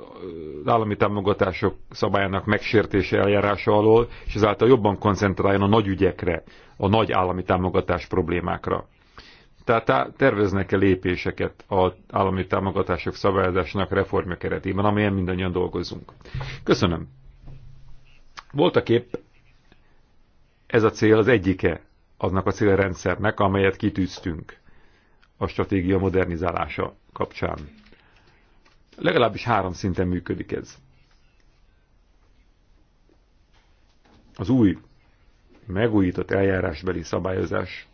állami támogatások szabályának megsértése eljárása alól, és ezáltal jobban koncentráljon a nagy ügyekre, a nagy állami támogatás problémákra. Tehát terveznek-e lépéseket az állami támogatások szabályozásának reformja keretében, amelyen mindannyian dolgozunk. Köszönöm. Voltak épp ez a cél az egyike aznak a célrendszernek, amelyet kitűztünk a stratégia modernizálása kapcsán. Legalábbis három szinten működik ez. Az új, megújított eljárásbeli szabályozás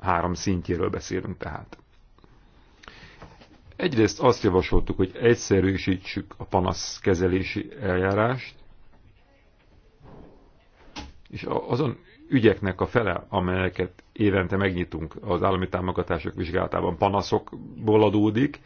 három szintjéről beszélünk tehát. Egyrészt azt javasoltuk, hogy egyszerűsítsük a panasz kezelési eljárást, és azon ügyeknek a fele, amelyeket évente megnyitunk az állami támogatások vizsgálatában panaszokból adódik,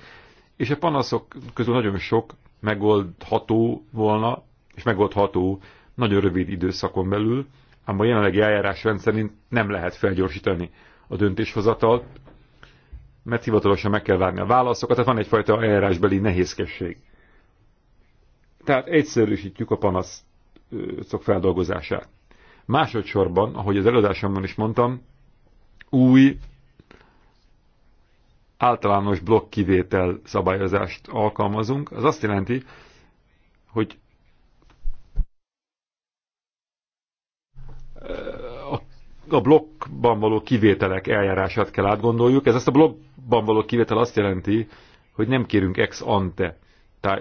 és a panaszok közül nagyon sok megoldható volna, és megoldható nagyon rövid időszakon belül, ám a jelenlegi eljárásrend szerint nem lehet felgyorsítani a döntéshozatal, mert hivatalosan meg kell várni a válaszokat, tehát van egyfajta eljárásbeli nehézkesség. Tehát egyszerűsítjük a panaszok feldolgozását. Másodszorban, ahogy az előadásomban is mondtam, új általános blokkivétel szabályozást alkalmazunk. Az azt jelenti, hogy eh, a blokkban való kivételek eljárását kell átgondoljuk. Ez azt a blokkban való kivétel azt jelenti, hogy nem kérünk ex ante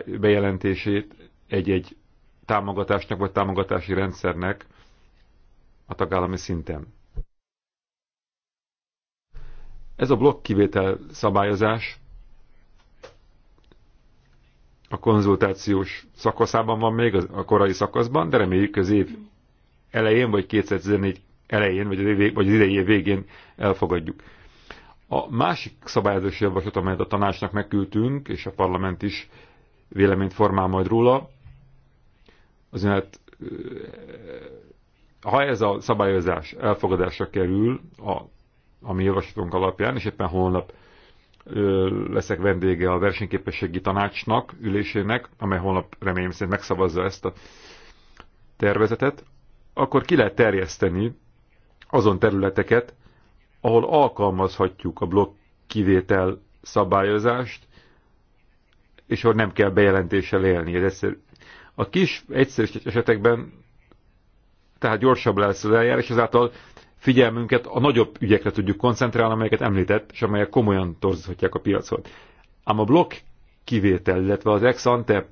bejelentését egy-egy támogatásnak vagy támogatási rendszernek, a tagállami szinten. Ez a blokkivétel szabályozás a konzultációs szakaszában van még, a korai szakaszban, de reméljük az év elején, vagy 2014 elején, vagy az, év, vagy az idei év végén elfogadjuk. A másik szabályozási javaslat, amelyet a tanácsnak megküldtünk, és a parlament is véleményt formál majd róla, az ha ez a szabályozás elfogadásra kerül, a, a mi javaslatunk alapján, és éppen holnap leszek vendége a versenyképességi tanácsnak, ülésének, amely holnap remélem szerint megszavazza ezt a tervezetet, akkor ki lehet terjeszteni azon területeket, ahol alkalmazhatjuk a blokk kivétel szabályozást, és ahol nem kell bejelentéssel élni. Ez egyszer, a kis egyszerű esetekben tehát gyorsabb lesz az eljárás, ezáltal figyelmünket a nagyobb ügyekre tudjuk koncentrálni, amelyeket említett, és amelyek komolyan torzíthatják a piacot. Ám a blokk kivétel, illetve az ex ante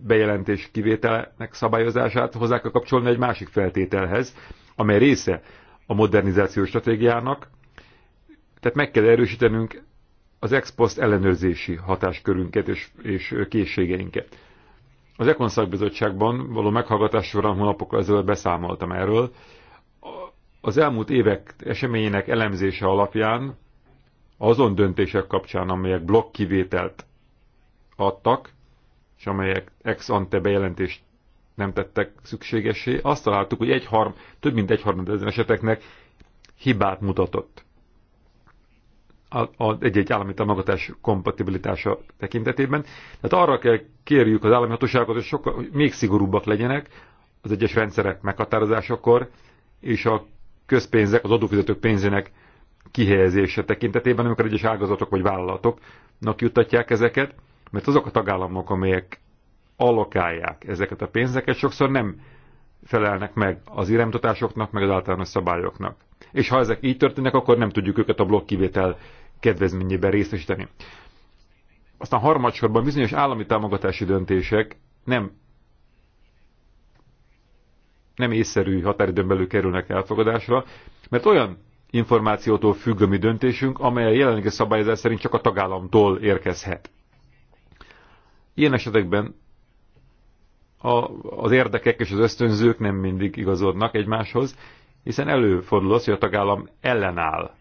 bejelentés kivételnek szabályozását hozzá kell kapcsolni egy másik feltételhez, amely része a modernizációs stratégiának, tehát meg kell erősítenünk az ex post ellenőrzési hatáskörünket és, és készségeinket. Az Econ szakbizottságban való meghallgatás során hónapokkal ezelőtt beszámoltam erről. Az elmúlt évek eseményének elemzése alapján azon döntések kapcsán, amelyek blokkivételt adtak, és amelyek ex ante bejelentést nem tettek szükségesé, azt találtuk, hogy egy harm, több mint egy harmad ezen eseteknek hibát mutatott egy-egy állami támogatás kompatibilitása tekintetében. Tehát arra kell kérjük az állami hatóságot, hogy, sokkal, hogy még szigorúbbak legyenek az egyes rendszerek meghatározásakor, és a közpénzek, az adófizetők pénzének kihelyezése tekintetében, amikor egyes ágazatok vagy vállalatoknak juttatják ezeket, mert azok a tagállamok, amelyek alokálják ezeket a pénzeket, sokszor nem felelnek meg az iránytatásoknak, meg az általános szabályoknak és ha ezek így történnek, akkor nem tudjuk őket a blokkivétel kedvezményében részesíteni. Aztán harmadsorban bizonyos állami támogatási döntések nem nem észszerű határidőn belül kerülnek elfogadásra, mert olyan információtól függ a mi döntésünk, amely a jelenlegi szabályozás szerint csak a tagállamtól érkezhet. Ilyen esetekben a, az érdekek és az ösztönzők nem mindig igazodnak egymáshoz, hiszen előfordul az, hogy a tagállam ellenáll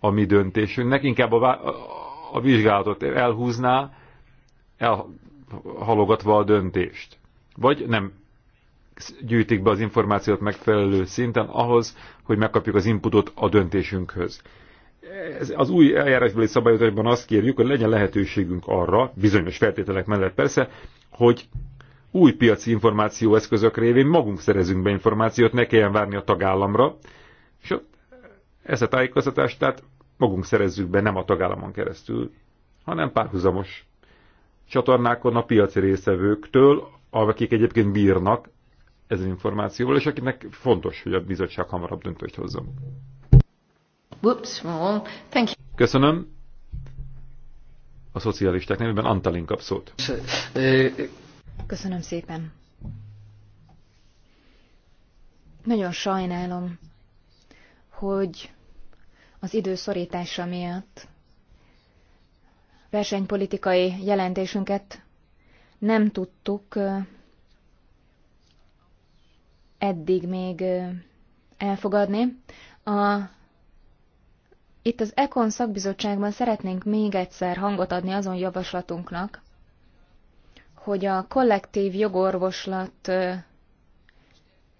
a mi döntésünknek, inkább a, a vizsgálatot elhúzná, elhalogatva a döntést. Vagy nem gyűjtik be az információt megfelelő szinten ahhoz, hogy megkapjuk az inputot a döntésünkhöz. Ez, az új eljárásbeli szabályozásban azt kérjük, hogy legyen lehetőségünk arra, bizonyos feltételek mellett persze, hogy új piaci információ eszközök révén magunk szerezünk be információt, ne kelljen várni a tagállamra, és ezt a tájékoztatást tehát magunk szerezzük be, nem a tagállamon keresztül, hanem párhuzamos csatornákon a piaci részevőktől, akik egyébként bírnak ezen információval, és akinek fontos, hogy a bizottság hamarabb döntőt hozzon. Whoops, wrong. Thank you. Köszönöm. A szocialisták nevében Antalin kap szót. Eh, Köszönöm szépen. Nagyon sajnálom, hogy az idő szorítása miatt versenypolitikai jelentésünket nem tudtuk eddig még elfogadni. A, itt az Ekon szakbizottságban szeretnénk még egyszer hangot adni azon javaslatunknak, hogy a kollektív jogorvoslat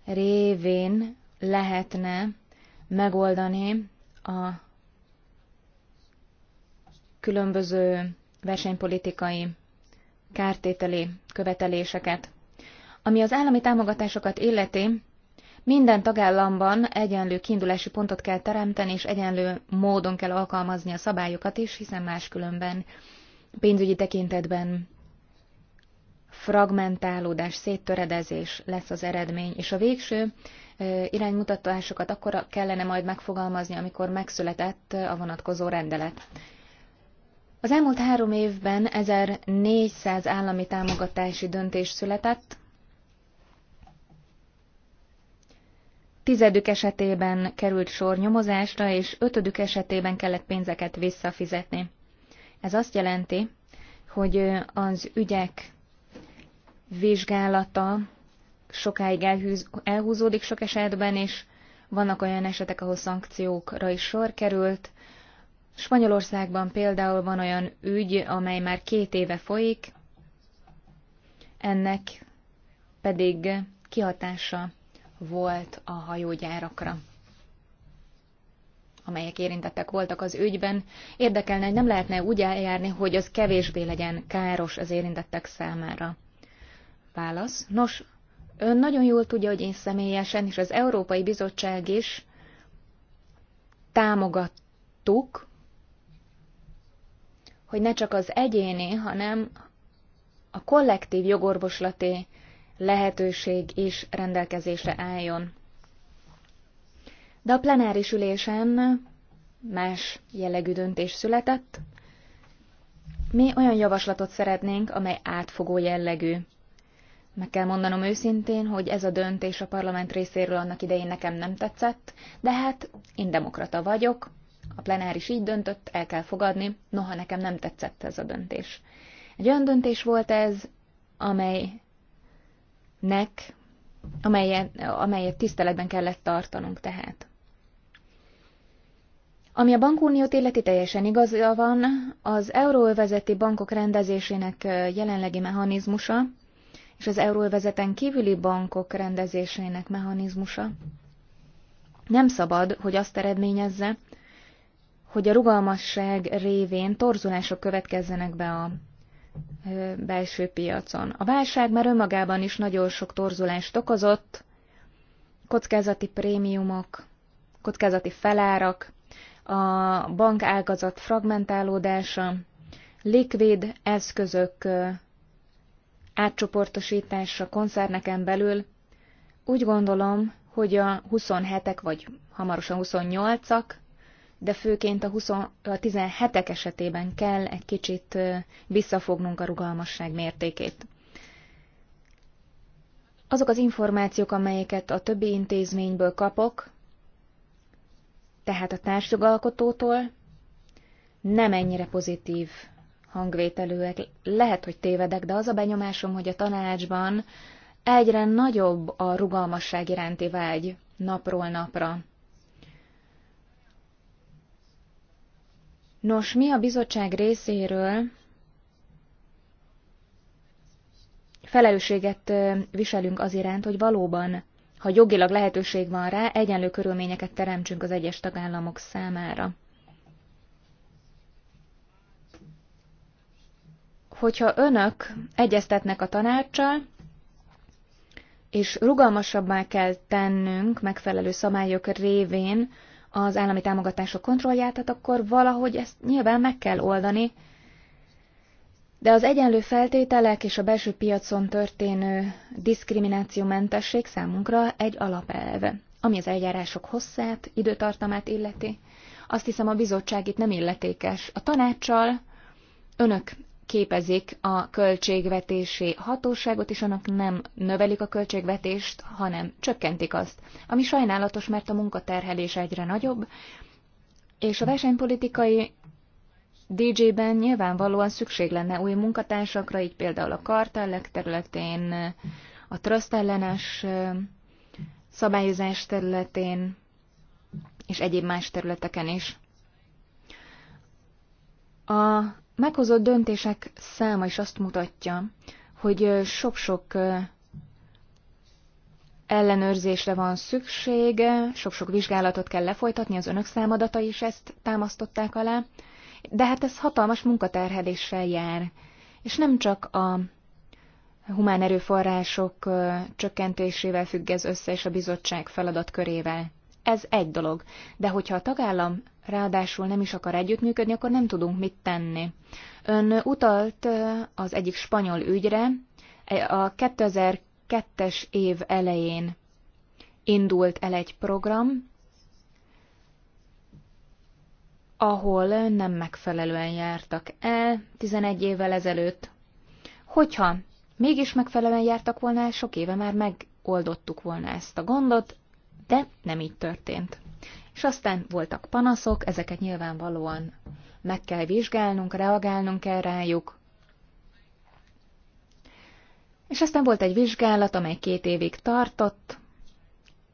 révén lehetne megoldani a különböző versenypolitikai kártételi követeléseket. Ami az állami támogatásokat illeti, minden tagállamban egyenlő kiindulási pontot kell teremteni, és egyenlő módon kell alkalmazni a szabályokat is, hiszen máskülönben pénzügyi tekintetben fragmentálódás, széttöredezés lesz az eredmény, és a végső iránymutatásokat akkor kellene majd megfogalmazni, amikor megszületett a vonatkozó rendelet. Az elmúlt három évben 1400 állami támogatási döntés született, tizedük esetében került sor nyomozásra, és ötödük esetében kellett pénzeket visszafizetni. Ez azt jelenti, hogy az ügyek vizsgálata sokáig elhűz, elhúzódik sok esetben, és vannak olyan esetek, ahol szankciókra is sor került. Spanyolországban például van olyan ügy, amely már két éve folyik, ennek pedig kihatása volt a hajógyárakra amelyek érintettek voltak az ügyben. Érdekelne, hogy nem lehetne úgy eljárni, hogy az kevésbé legyen káros az érintettek számára. Válasz. Nos, ön nagyon jól tudja, hogy én személyesen, és az Európai Bizottság is támogattuk, hogy ne csak az egyéni, hanem a kollektív jogorvoslati lehetőség is rendelkezésre álljon. De a plenáris ülésen más jellegű döntés született. Mi olyan javaslatot szeretnénk, amely átfogó jellegű. Meg kell mondanom őszintén, hogy ez a döntés a parlament részéről annak idején nekem nem tetszett, de hát én demokrata vagyok, a plenáris így döntött, el kell fogadni, noha nekem nem tetszett ez a döntés. Egy olyan döntés volt ez, amelynek, amelyet, amelyet tiszteletben kellett tartanunk tehát. Ami a bankuniót illeti teljesen igaza van, az euróvezeti bankok rendezésének jelenlegi mechanizmusa és az euróvezeten kívüli bankok rendezésének mechanizmusa. Nem szabad, hogy azt eredményezze, hogy a rugalmasság révén torzulások következzenek be a belső piacon. A válság már önmagában is nagyon sok torzulást okozott, kockázati prémiumok, kockázati felárak, a bankágazat fragmentálódása, likvid eszközök átcsoportosításra koncerneken belül, úgy gondolom, hogy a 27-ek, vagy hamarosan 28-ak, de főként a, 20, a 17-ek esetében kell egy kicsit visszafognunk a rugalmasság mértékét. Azok az információk, amelyeket a többi intézményből kapok, tehát a társjogalkotótól, nem ennyire pozitív hangvételűek. Lehet, hogy tévedek, de az a benyomásom, hogy a tanácsban egyre nagyobb a rugalmasság iránti vágy napról napra. Nos, mi a bizottság részéről felelősséget viselünk az iránt, hogy valóban, ha jogilag lehetőség van rá, egyenlő körülményeket teremtsünk az egyes tagállamok számára. hogyha önök egyeztetnek a tanácssal, és rugalmasabbá kell tennünk megfelelő szabályok révén az állami támogatások kontrollját, tehát akkor valahogy ezt nyilván meg kell oldani, de az egyenlő feltételek és a belső piacon történő diszkriminációmentesség számunkra egy alapelve, ami az eljárások hosszát, időtartamát illeti. Azt hiszem a bizottság itt nem illetékes. A tanácssal önök képezik a költségvetési hatóságot, és annak nem növelik a költségvetést, hanem csökkentik azt. Ami sajnálatos, mert a munkaterhelés egyre nagyobb, és a versenypolitikai DJ-ben nyilvánvalóan szükség lenne új munkatársakra, így például a kartellek területén, a trust ellenes szabályozás területén, és egyéb más területeken is. A meghozott döntések száma is azt mutatja, hogy sok-sok ellenőrzésre van szüksége, sok-sok vizsgálatot kell lefolytatni, az önök számadatai is ezt támasztották alá, de hát ez hatalmas munkaterhedéssel jár. És nem csak a humán erőforrások csökkentésével függ ez össze, és a bizottság feladatkörével. Ez egy dolog, de hogyha a tagállam ráadásul nem is akar együttműködni, akkor nem tudunk mit tenni. Ön utalt az egyik spanyol ügyre, e, a 2002-es év elején indult el egy program, ahol nem megfelelően jártak el 11 évvel ezelőtt. Hogyha mégis megfelelően jártak volna, sok éve már megoldottuk volna ezt a gondot, de nem így történt. És aztán voltak panaszok, ezeket nyilvánvalóan meg kell vizsgálnunk, reagálnunk kell rájuk. És aztán volt egy vizsgálat, amely két évig tartott,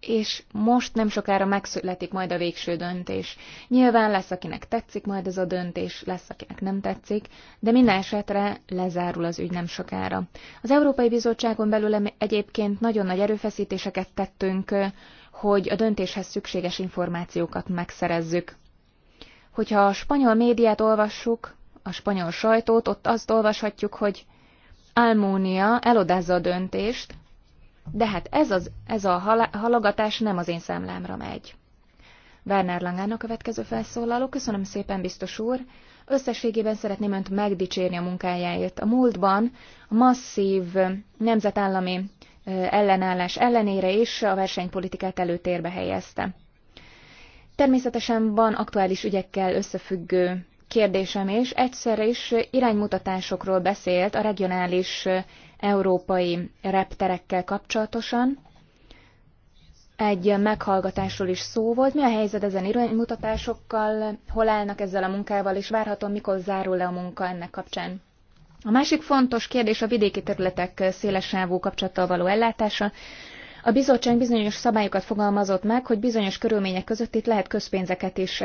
és most nem sokára megszületik majd a végső döntés. Nyilván lesz, akinek tetszik majd ez a döntés, lesz, akinek nem tetszik, de minden esetre lezárul az ügy nem sokára. Az Európai Bizottságon belül egyébként nagyon nagy erőfeszítéseket tettünk hogy a döntéshez szükséges információkat megszerezzük. Hogyha a spanyol médiát olvassuk, a spanyol sajtót, ott azt olvashatjuk, hogy Almónia elodázza a döntést, de hát ez, az, ez a halogatás nem az én számlámra megy. Werner Langán a következő felszólaló. Köszönöm szépen, biztos úr. Összességében szeretném önt megdicsérni a munkájáért. A múltban a masszív nemzetállami ellenállás ellenére is a versenypolitikát előtérbe helyezte. Természetesen van aktuális ügyekkel összefüggő kérdésem is. Egyszer is iránymutatásokról beszélt a regionális európai repterekkel kapcsolatosan. Egy meghallgatásról is szó volt. Mi a helyzet ezen iránymutatásokkal? Hol állnak ezzel a munkával, és várhatom, mikor zárul le a munka ennek kapcsán? A másik fontos kérdés a vidéki területek sávú kapcsolattal való ellátása. A bizottság bizonyos szabályokat fogalmazott meg, hogy bizonyos körülmények között itt lehet közpénzeket is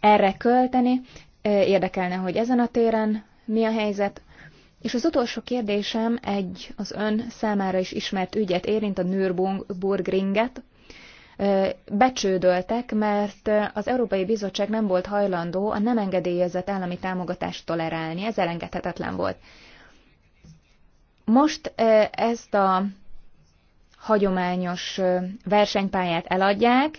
erre költeni. Érdekelne, hogy ezen a téren mi a helyzet. És az utolsó kérdésem egy az ön számára is ismert ügyet érint, a Nürburgringet becsődöltek, mert az Európai Bizottság nem volt hajlandó a nem engedélyezett állami támogatást tolerálni. Ez elengedhetetlen volt. Most ezt a hagyományos versenypályát eladják,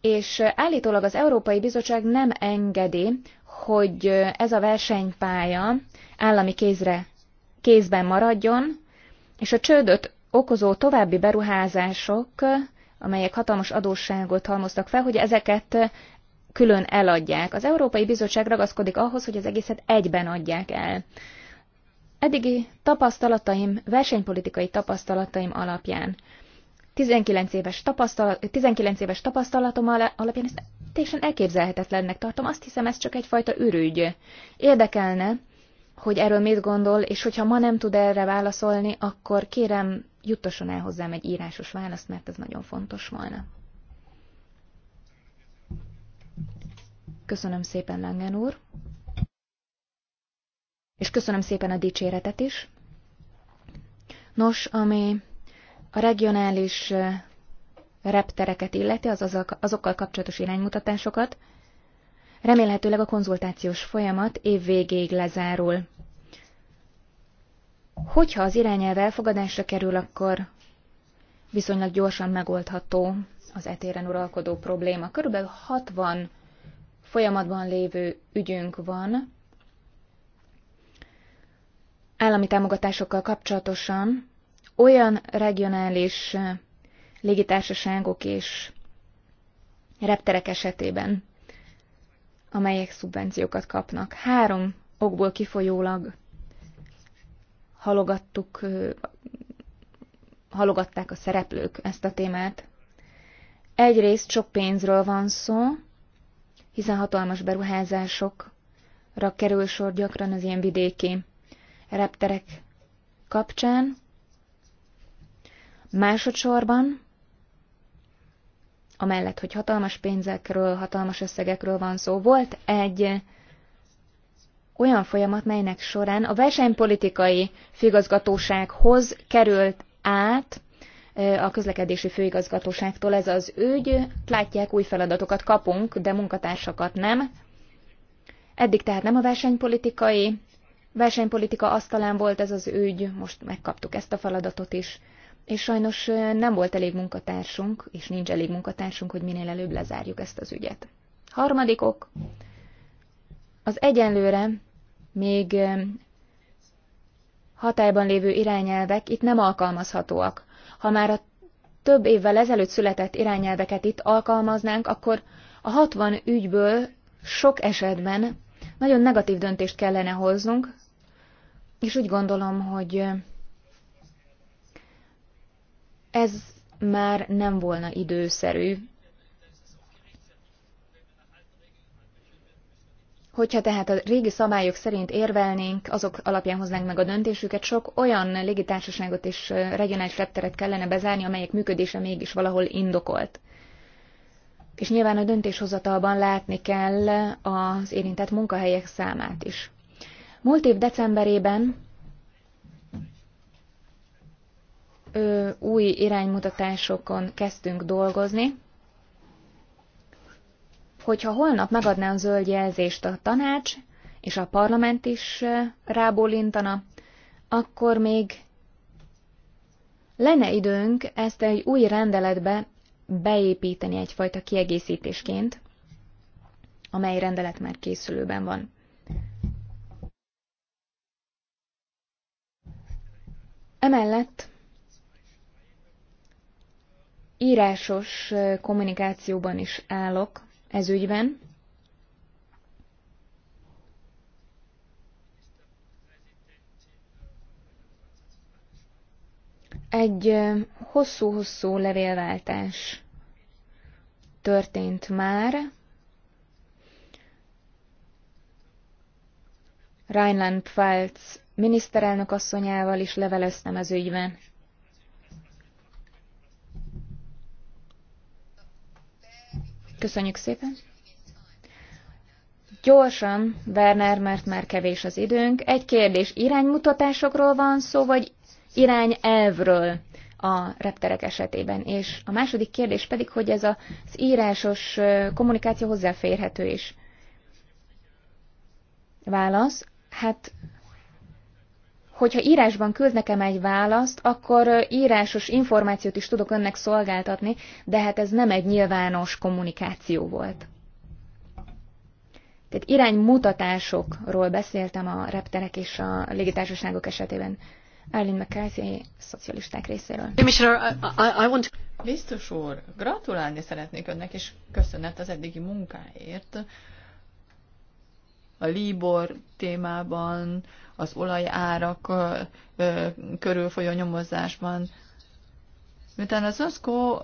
és állítólag az Európai Bizottság nem engedi, hogy ez a versenypálya állami kézre, kézben maradjon, és a csődöt okozó további beruházások amelyek hatalmas adósságot halmoztak fel, hogy ezeket külön eladják. Az Európai Bizottság ragaszkodik ahhoz, hogy az egészet egyben adják el. Eddigi tapasztalataim, versenypolitikai tapasztalataim alapján, 19 éves, tapasztalat, 19 éves tapasztalatom alapján ezt teljesen elképzelhetetlennek tartom. Azt hiszem, ez csak egyfajta ürügy. Érdekelne, hogy erről mit gondol, és hogyha ma nem tud erre válaszolni, akkor kérem juttasson el hozzám egy írásos választ, mert ez nagyon fontos volna. Köszönöm szépen, Langen úr. És köszönöm szépen a dicséretet is. Nos, ami a regionális reptereket illeti, az azokkal kapcsolatos iránymutatásokat, remélhetőleg a konzultációs folyamat év végéig lezárul. Hogyha az irányelv elfogadásra kerül, akkor viszonylag gyorsan megoldható az etéren uralkodó probléma. Körülbelül 60 folyamatban lévő ügyünk van, állami támogatásokkal kapcsolatosan olyan regionális légitársaságok és repterek esetében, amelyek szubvenciókat kapnak. Három okból kifolyólag halogattuk, halogatták a szereplők ezt a témát. Egyrészt sok pénzről van szó, hiszen hatalmas beruházásokra kerül sor gyakran az ilyen vidéki repterek kapcsán. Másodszorban, amellett, hogy hatalmas pénzekről, hatalmas összegekről van szó, volt egy olyan folyamat, melynek során a versenypolitikai főigazgatósághoz került át a közlekedési főigazgatóságtól ez az ügy. Látják, új feladatokat kapunk, de munkatársakat nem. Eddig tehát nem a versenypolitikai, versenypolitika asztalán volt ez az ügy, most megkaptuk ezt a feladatot is, és sajnos nem volt elég munkatársunk, és nincs elég munkatársunk, hogy minél előbb lezárjuk ezt az ügyet. Harmadikok, ok, az egyenlőre még hatályban lévő irányelvek itt nem alkalmazhatóak. Ha már a több évvel ezelőtt született irányelveket itt alkalmaznánk, akkor a 60 ügyből sok esetben nagyon negatív döntést kellene hoznunk, és úgy gondolom, hogy ez már nem volna időszerű Hogyha tehát a régi szabályok szerint érvelnénk, azok alapján hoznánk meg a döntésüket, sok olyan légitársaságot és regionális repteret kellene bezárni, amelyek működése mégis valahol indokolt. És nyilván a döntéshozatalban látni kell az érintett munkahelyek számát is. Múlt év decemberében ö, új iránymutatásokon kezdtünk dolgozni, hogyha holnap megadná a zöld jelzést a tanács, és a parlament is eh, rábólintana, akkor még lenne időnk ezt egy új rendeletbe beépíteni egyfajta kiegészítésként, amely rendelet már készülőben van. Emellett írásos eh, kommunikációban is állok ez ügyben. Egy hosszú-hosszú levélváltás történt már. Rheinland-Pfalz miniszterelnök asszonyával is leveleztem az ügyben. Köszönjük szépen. Gyorsan, Werner, mert már kevés az időnk. Egy kérdés, iránymutatásokról van szó, vagy irányelvről a repterek esetében? És a második kérdés pedig, hogy ez az írásos kommunikáció hozzáférhető is. Válasz, hát hogyha írásban küld nekem egy választ, akkor írásos információt is tudok önnek szolgáltatni, de hát ez nem egy nyilvános kommunikáció volt. Tehát iránymutatásokról beszéltem a repterek és a légitársaságok esetében. Arlene McCarthy, szocialisták részéről. Biztos úr, gratulálni szeretnék önnek, és köszönet az eddigi munkáért a Libor témában, az olajárak körül folyó nyomozásban. Miután az OSZKO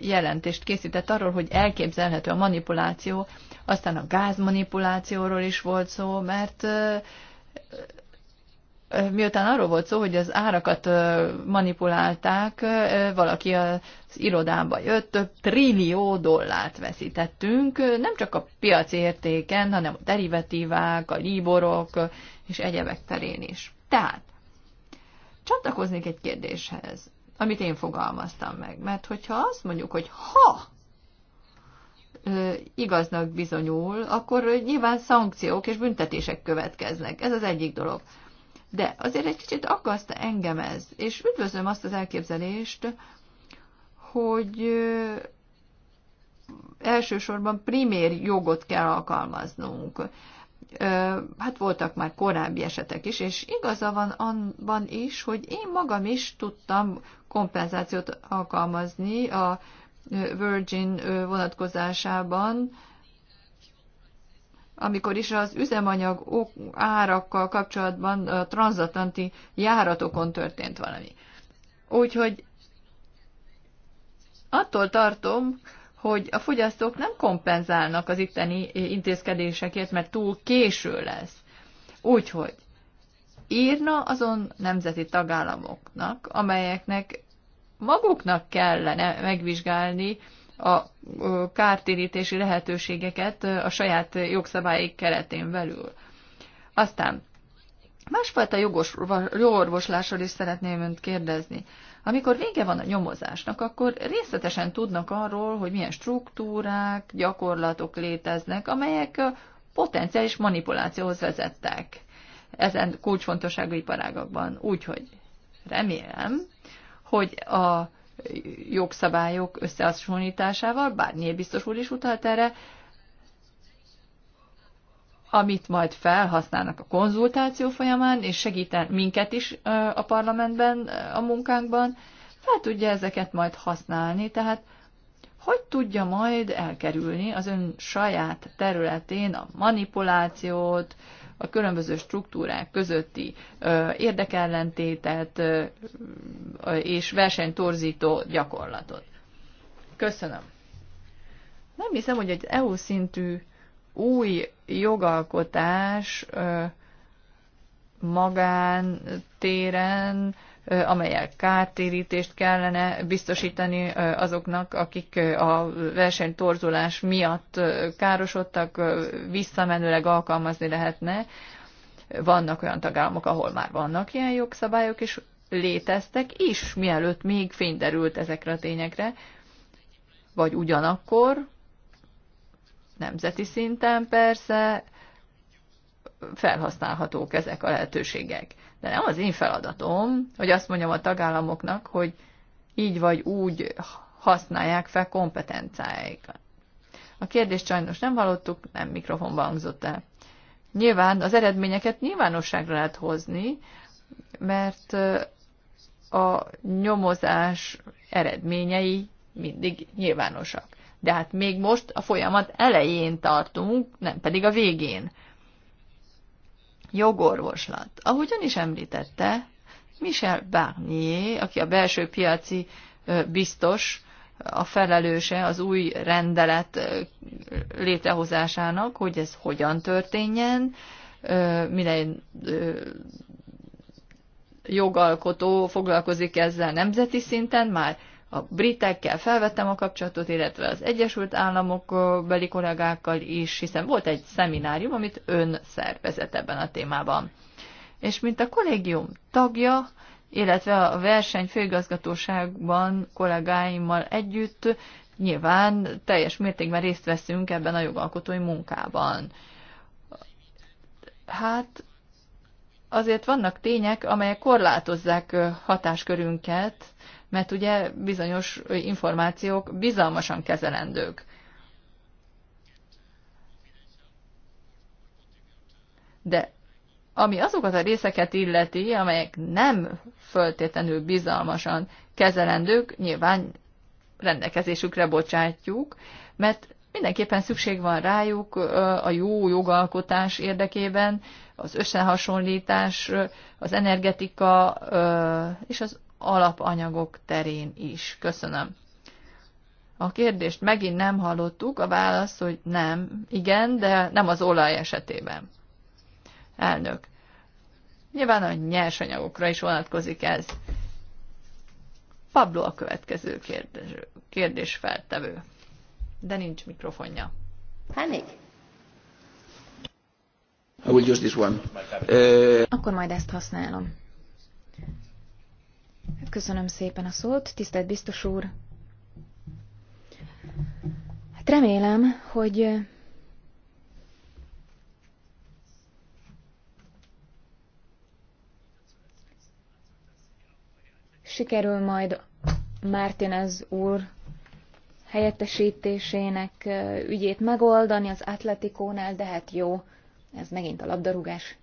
jelentést készített arról, hogy elképzelhető a manipuláció, aztán a gázmanipulációról is volt szó, mert miután arról volt szó, hogy az árakat manipulálták, valaki az irodába jött, több trillió dollárt veszítettünk, nem csak a piaci értéken, hanem a derivatívák, a líborok és egyebek terén is. Tehát csatlakoznék egy kérdéshez, amit én fogalmaztam meg, mert hogyha azt mondjuk, hogy ha igaznak bizonyul, akkor nyilván szankciók és büntetések következnek. Ez az egyik dolog. De azért egy kicsit aggaszt engem ez, és üdvözlöm azt az elképzelést, hogy elsősorban primér jogot kell alkalmaznunk. Hát voltak már korábbi esetek is, és igaza van abban is, hogy én magam is tudtam kompenzációt alkalmazni a Virgin vonatkozásában, amikor is az üzemanyag árakkal kapcsolatban a transatlanti járatokon történt valami. Úgyhogy attól tartom, hogy a fogyasztók nem kompenzálnak az itteni intézkedésekért, mert túl késő lesz. Úgyhogy írna azon nemzeti tagállamoknak, amelyeknek maguknak kellene megvizsgálni a kártérítési lehetőségeket a saját jogszabályik keretén belül. Aztán másfajta jogos, jogorvoslásról is szeretném önt kérdezni. Amikor vége van a nyomozásnak, akkor részletesen tudnak arról, hogy milyen struktúrák, gyakorlatok léteznek, amelyek potenciális manipulációhoz vezettek ezen kulcsfontosságú iparágakban. Úgyhogy remélem, hogy a jogszabályok összehasonlításával, bármilyen biztos úr is utalt erre, amit majd felhasználnak a konzultáció folyamán, és segíten minket is a parlamentben, a munkánkban, fel tudja ezeket majd használni, tehát hogy tudja majd elkerülni az ön saját területén a manipulációt, a különböző struktúrák közötti érdekellentétet és versenytorzító gyakorlatot. Köszönöm. Nem hiszem, hogy egy EU szintű új jogalkotás magántéren amelyel kártérítést kellene biztosítani azoknak, akik a versenytorzulás miatt károsodtak, visszamenőleg alkalmazni lehetne. Vannak olyan tagállamok, ahol már vannak ilyen jogszabályok, és léteztek is, mielőtt még fény derült ezekre a tényekre, vagy ugyanakkor, nemzeti szinten persze, felhasználhatók ezek a lehetőségek. De nem az én feladatom, hogy azt mondjam a tagállamoknak, hogy így vagy úgy használják fel kompetenciáikat. A kérdést sajnos nem hallottuk, nem mikrofonba hangzott el. Nyilván az eredményeket nyilvánosságra lehet hozni, mert a nyomozás eredményei mindig nyilvánosak. De hát még most a folyamat elején tartunk, nem pedig a végén jogorvoslat. Ahogyan is említette, Michel Barnier, aki a belső piaci biztos, a felelőse az új rendelet létrehozásának, hogy ez hogyan történjen, minden jogalkotó foglalkozik ezzel nemzeti szinten, már a britekkel felvettem a kapcsolatot, illetve az Egyesült Államok beli kollégákkal is, hiszen volt egy szeminárium, amit ön szervezett ebben a témában. És mint a kollégium tagja, illetve a verseny főigazgatóságban kollégáimmal együtt nyilván teljes mértékben részt veszünk ebben a jogalkotói munkában. Hát azért vannak tények, amelyek korlátozzák hatáskörünket, mert ugye bizonyos információk bizalmasan kezelendők. De ami azokat a részeket illeti, amelyek nem föltétlenül bizalmasan kezelendők, nyilván rendelkezésükre bocsátjuk, mert mindenképpen szükség van rájuk a jó jogalkotás érdekében, az összehasonlítás, az energetika és az alapanyagok terén is. Köszönöm. A kérdést megint nem hallottuk, a válasz, hogy nem, igen, de nem az olaj esetében. Elnök. Nyilván a nyersanyagokra is vonatkozik ez. Pablo a következő kérdés, kérdés feltevő. De nincs mikrofonja. Panic. I will use this one. Uh... Akkor eh, majd ezt használom. Köszönöm szépen a szót, tisztelt biztos úr! Hát remélem, hogy sikerül majd Mártinez úr helyettesítésének ügyét megoldani az Atletikónál, de hát jó, ez megint a labdarúgás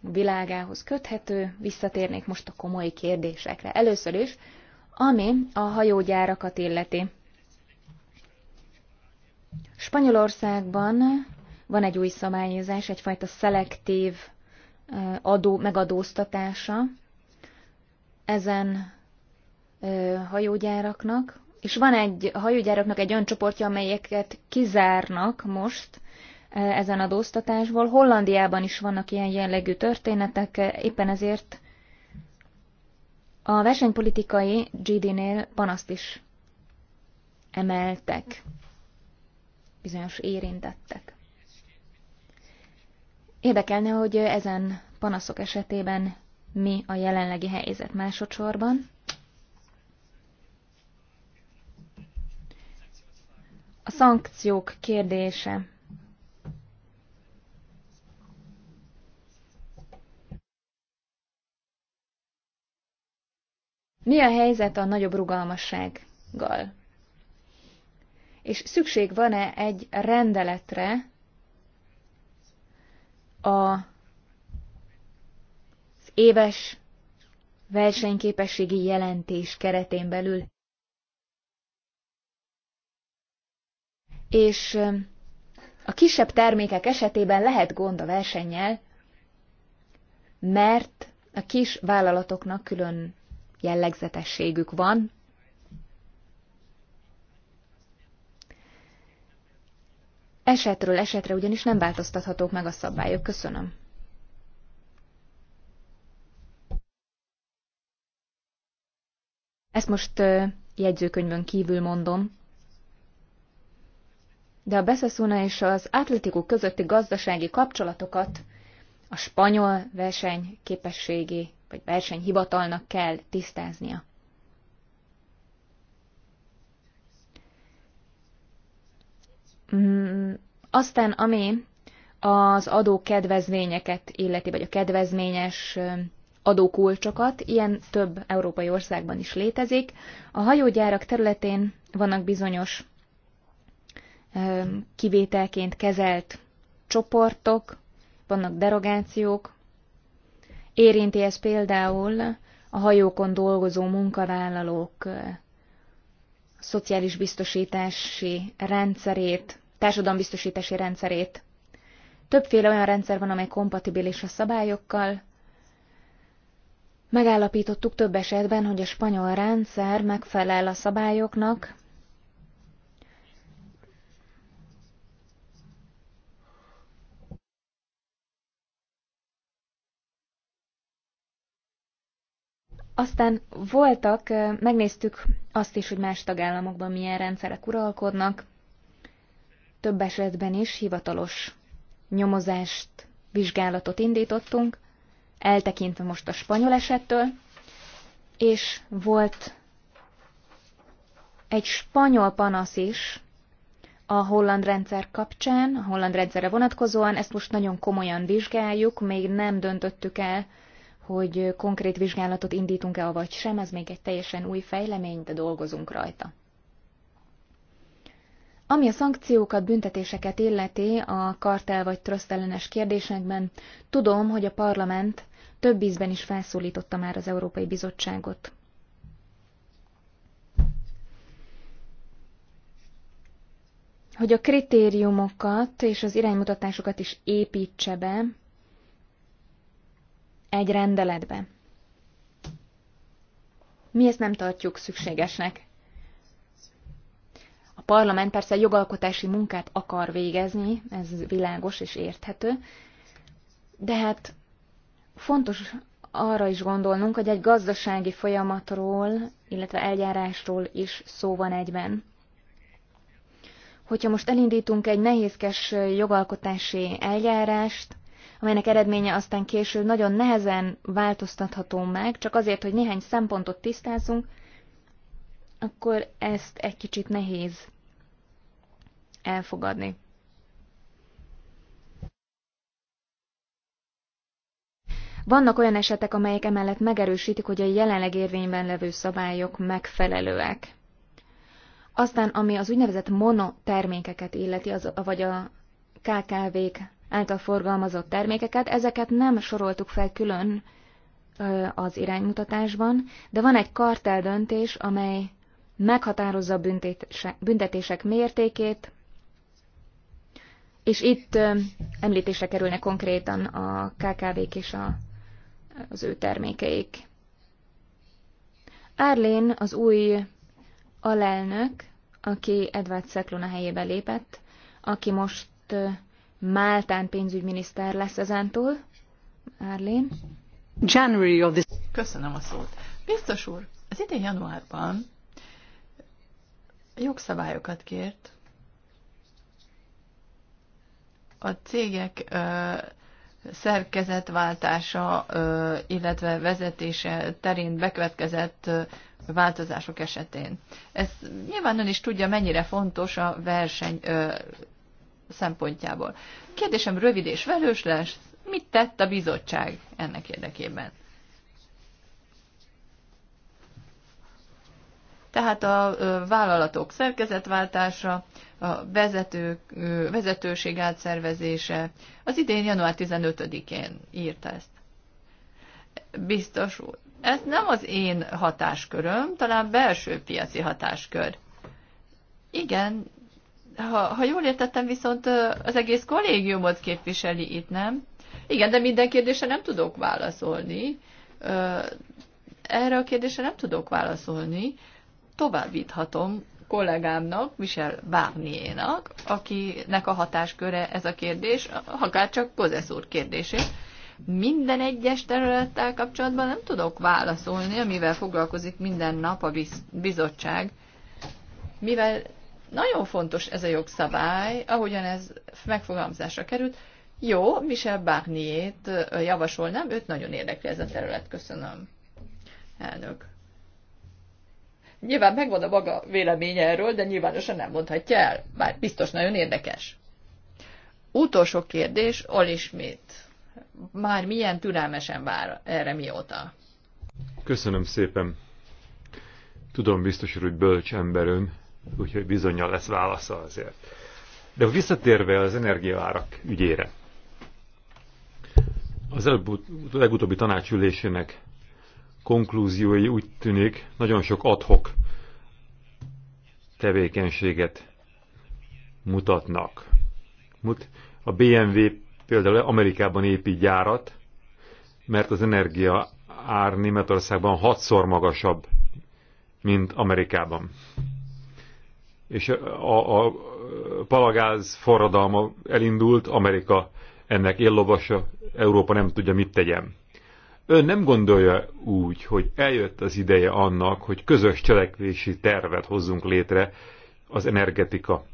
világához köthető. Visszatérnék most a komoly kérdésekre. Először is, ami a hajógyárakat illeti. Spanyolországban van egy új szabályozás, egyfajta szelektív adó megadóztatása ezen hajógyáraknak, és van egy hajógyáraknak egy olyan csoportja, amelyeket kizárnak most E, ezen adóztatásból. Hollandiában is vannak ilyen jellegű történetek, e, éppen ezért a versenypolitikai GD-nél panaszt is emeltek bizonyos érintettek. Érdekelne, hogy ezen panaszok esetében mi a jelenlegi helyzet másodszorban. A szankciók kérdése Mi a helyzet a nagyobb rugalmassággal? És szükség van-e egy rendeletre a éves versenyképességi jelentés keretén belül. És a kisebb termékek esetében lehet gond a versennyel, mert a kis vállalatoknak külön jellegzetességük van. Esetről esetre ugyanis nem változtathatók meg a szabályok. Köszönöm. Ezt most jegyzőkönyvön kívül mondom, de a Beszeszuna és az Atletico közötti gazdasági kapcsolatokat a spanyol verseny képességi vagy versenyhivatalnak kell tisztáznia. Mm, aztán ami az adókedvezményeket illeti, vagy a kedvezményes adókulcsokat, ilyen több európai országban is létezik. A hajógyárak területén vannak bizonyos kivételként kezelt csoportok, vannak derogációk, Érinti ez például a hajókon dolgozó munkavállalók szociális biztosítási rendszerét, társadalombiztosítási rendszerét. Többféle olyan rendszer van, amely kompatibilis a szabályokkal. Megállapítottuk több esetben, hogy a spanyol rendszer megfelel a szabályoknak, Aztán voltak, megnéztük azt is, hogy más tagállamokban milyen rendszerek uralkodnak. Több esetben is hivatalos nyomozást, vizsgálatot indítottunk, eltekintve most a spanyol esettől, és volt egy spanyol panasz is a holland rendszer kapcsán, a holland rendszerre vonatkozóan, ezt most nagyon komolyan vizsgáljuk, még nem döntöttük el, hogy konkrét vizsgálatot indítunk-e, vagy sem, ez még egy teljesen új fejlemény, de dolgozunk rajta. Ami a szankciókat, büntetéseket illeti a kartel vagy ellenes kérdésekben, tudom, hogy a parlament több ízben is felszólította már az Európai Bizottságot. Hogy a kritériumokat és az iránymutatásokat is építse be egy rendeletbe. Mi ezt nem tartjuk szükségesnek. A parlament persze jogalkotási munkát akar végezni, ez világos és érthető, de hát fontos arra is gondolnunk, hogy egy gazdasági folyamatról, illetve eljárásról is szó van egyben. Hogyha most elindítunk egy nehézkes jogalkotási eljárást, amelynek eredménye aztán később nagyon nehezen változtatható meg, csak azért, hogy néhány szempontot tisztázunk, akkor ezt egy kicsit nehéz elfogadni. Vannak olyan esetek, amelyek emellett megerősítik, hogy a jelenleg érvényben levő szabályok megfelelőek. Aztán, ami az úgynevezett monotermékeket illeti, az, vagy a KKV-k által forgalmazott termékeket. Ezeket nem soroltuk fel külön az iránymutatásban, de van egy kartel döntés, amely meghatározza a büntetések mértékét, és itt említésre kerülnek konkrétan a KKV-k és a, az ő termékeik. Árlén az új alelnök, aki Edward Szeklona helyébe lépett, aki most Máltán pénzügyminiszter lesz ezentúl, Árlén. January of this... Köszönöm a szót. Biztos úr, az idén januárban jogszabályokat kért a cégek ö, szerkezetváltása, ö, illetve vezetése terén bekövetkezett ö, változások esetén. Ez nyilván ön is tudja, mennyire fontos a verseny ö, szempontjából. Kérdésem rövid és velős lesz, mit tett a bizottság ennek érdekében? Tehát a vállalatok szerkezetváltása, a vezető, vezetőség átszervezése. Az idén január 15-én írta ezt. Biztos úr. Ez nem az én hatásköröm, talán belső piaci hatáskör. Igen, ha, ha jól értettem, viszont az egész kollégiumot képviseli itt, nem? Igen, de minden kérdése nem tudok válaszolni. Erre a kérdésre nem tudok válaszolni. Továbbíthatom kollégámnak, Michel Barnier-nak, akinek a hatásköre ez a kérdés, akár csak Kozesz úr kérdését. Minden egyes területtel kapcsolatban nem tudok válaszolni, amivel foglalkozik minden nap a bizottság, mivel nagyon fontos ez a jogszabály, ahogyan ez megfogalmazásra került. Jó, Michel Barnier-t javasolnám, őt nagyon érdekli ez a terület. Köszönöm, elnök. Nyilván megvan a maga véleménye erről, de nyilvánosan nem mondhatja el, bár biztos nagyon érdekes. Utolsó kérdés, Olismét. Már milyen türelmesen vár erre mióta? Köszönöm szépen. Tudom biztos, hogy bölcs ember ön, úgyhogy bizonyal lesz válasza azért. De visszatérve az energiaárak ügyére, az legutóbbi tanácsülésének konklúziói úgy tűnik nagyon sok adhok tevékenységet mutatnak. a BMW például Amerikában épít gyárat, mert az energia ár Németországban hatszor magasabb, mint Amerikában és a, a palagáz forradalma elindult, Amerika ennek éllovasa, Európa nem tudja, mit tegyen. Ön nem gondolja úgy, hogy eljött az ideje annak, hogy közös cselekvési tervet hozzunk létre az energetika,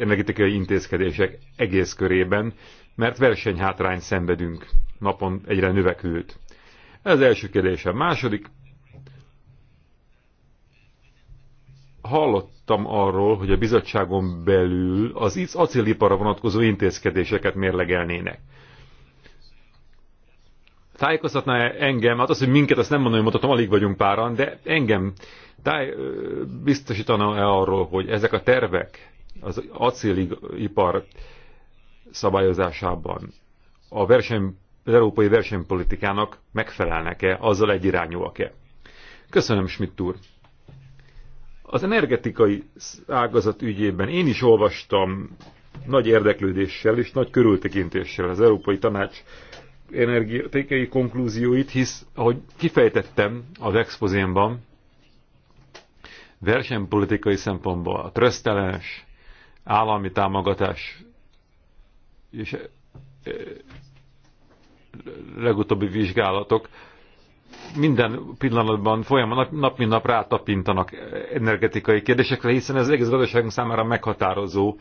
energetikai intézkedések egész körében, mert versenyhátrány szenvedünk napon egyre növekült. Ez első kérdésem. Második, hallottam arról, hogy a bizottságon belül az acélipara vonatkozó intézkedéseket mérlegelnének. Tájékoztatná -e engem, hát az, hogy minket azt nem mondom, hogy mutatom, alig vagyunk páran, de engem táj, biztosítana-e arról, hogy ezek a tervek az acélipar szabályozásában a verseny, az európai versenypolitikának megfelelnek-e, azzal egyirányúak-e? Köszönöm, Schmidt úr! Az energetikai ágazat ügyében én is olvastam nagy érdeklődéssel és nagy körültekintéssel az Európai Tanács energetikai konklúzióit, hisz, ahogy kifejtettem az expozémban, versenypolitikai szempontból a trösztelens állami támogatás és eh, legutóbbi vizsgálatok minden pillanatban folyamat, nap, nap mint nap rátapintanak energetikai kérdésekre, hiszen ez az egész gazdaságunk számára meghatározó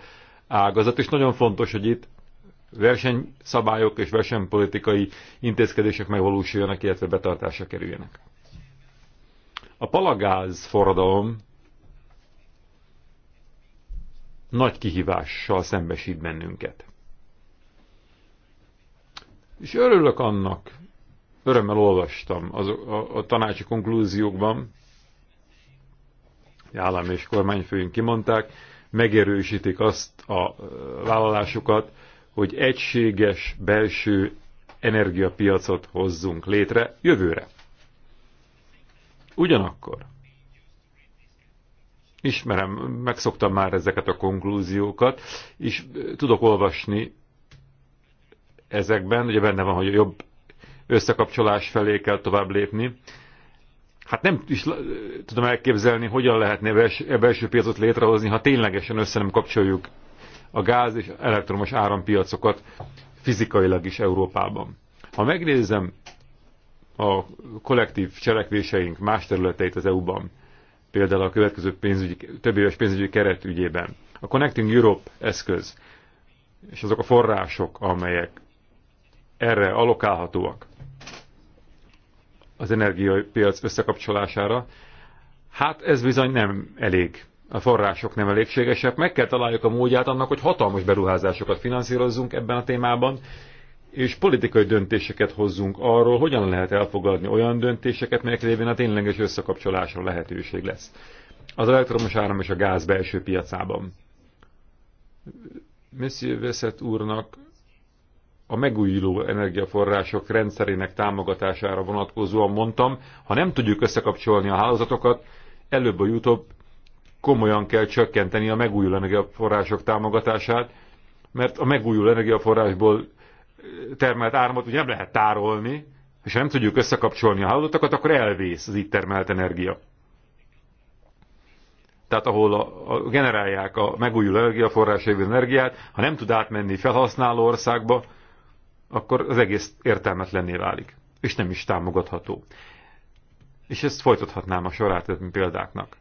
ágazat, és nagyon fontos, hogy itt versenyszabályok és versenypolitikai intézkedések megvalósuljanak, illetve betartásra kerüljenek. A palagáz forradalom nagy kihívással szembesít bennünket. És örülök annak, örömmel olvastam az, a, a tanácsi konklúziókban, állam és kormányfőink kimondták, megerősítik azt a vállalásukat, hogy egységes belső energiapiacot hozzunk létre jövőre. Ugyanakkor ismerem, megszoktam már ezeket a konklúziókat, és tudok olvasni ezekben, ugye benne van, hogy jobb összekapcsolás felé kell tovább lépni. Hát nem is tudom elképzelni, hogyan lehetne e belső piacot létrehozni, ha ténylegesen össze nem kapcsoljuk a gáz és elektromos árampiacokat fizikailag is Európában. Ha megnézem a kollektív cselekvéseink más területeit az EU-ban, például a következő pénzügyi, több éves pénzügyi keret ügyében, a Connecting Europe eszköz és azok a források, amelyek erre alokálhatóak, az energiapiac összekapcsolására. Hát ez bizony nem elég. A források nem elégségesek. Meg kell találjuk a módját annak, hogy hatalmas beruházásokat finanszírozzunk ebben a témában, és politikai döntéseket hozzunk arról, hogyan lehet elfogadni olyan döntéseket, melyek lévén a tényleges összekapcsolásra lehetőség lesz. Az elektromos áram és a gáz belső piacában. Monsieur Veszett úrnak a megújuló energiaforrások rendszerének támogatására vonatkozóan mondtam, ha nem tudjuk összekapcsolni a hálózatokat, előbb a utóbb komolyan kell csökkenteni a megújuló energiaforrások támogatását, mert a megújuló energiaforrásból termelt áramot ugye nem lehet tárolni, és ha nem tudjuk összekapcsolni a hálózatokat, akkor elvész az itt termelt energia. Tehát ahol a, a generálják a megújuló energiaforrásai energiát, ha nem tud átmenni felhasználó országba, akkor az egész értelmetlenné válik, és nem is támogatható. És ezt folytathatnám a sorát példáknak.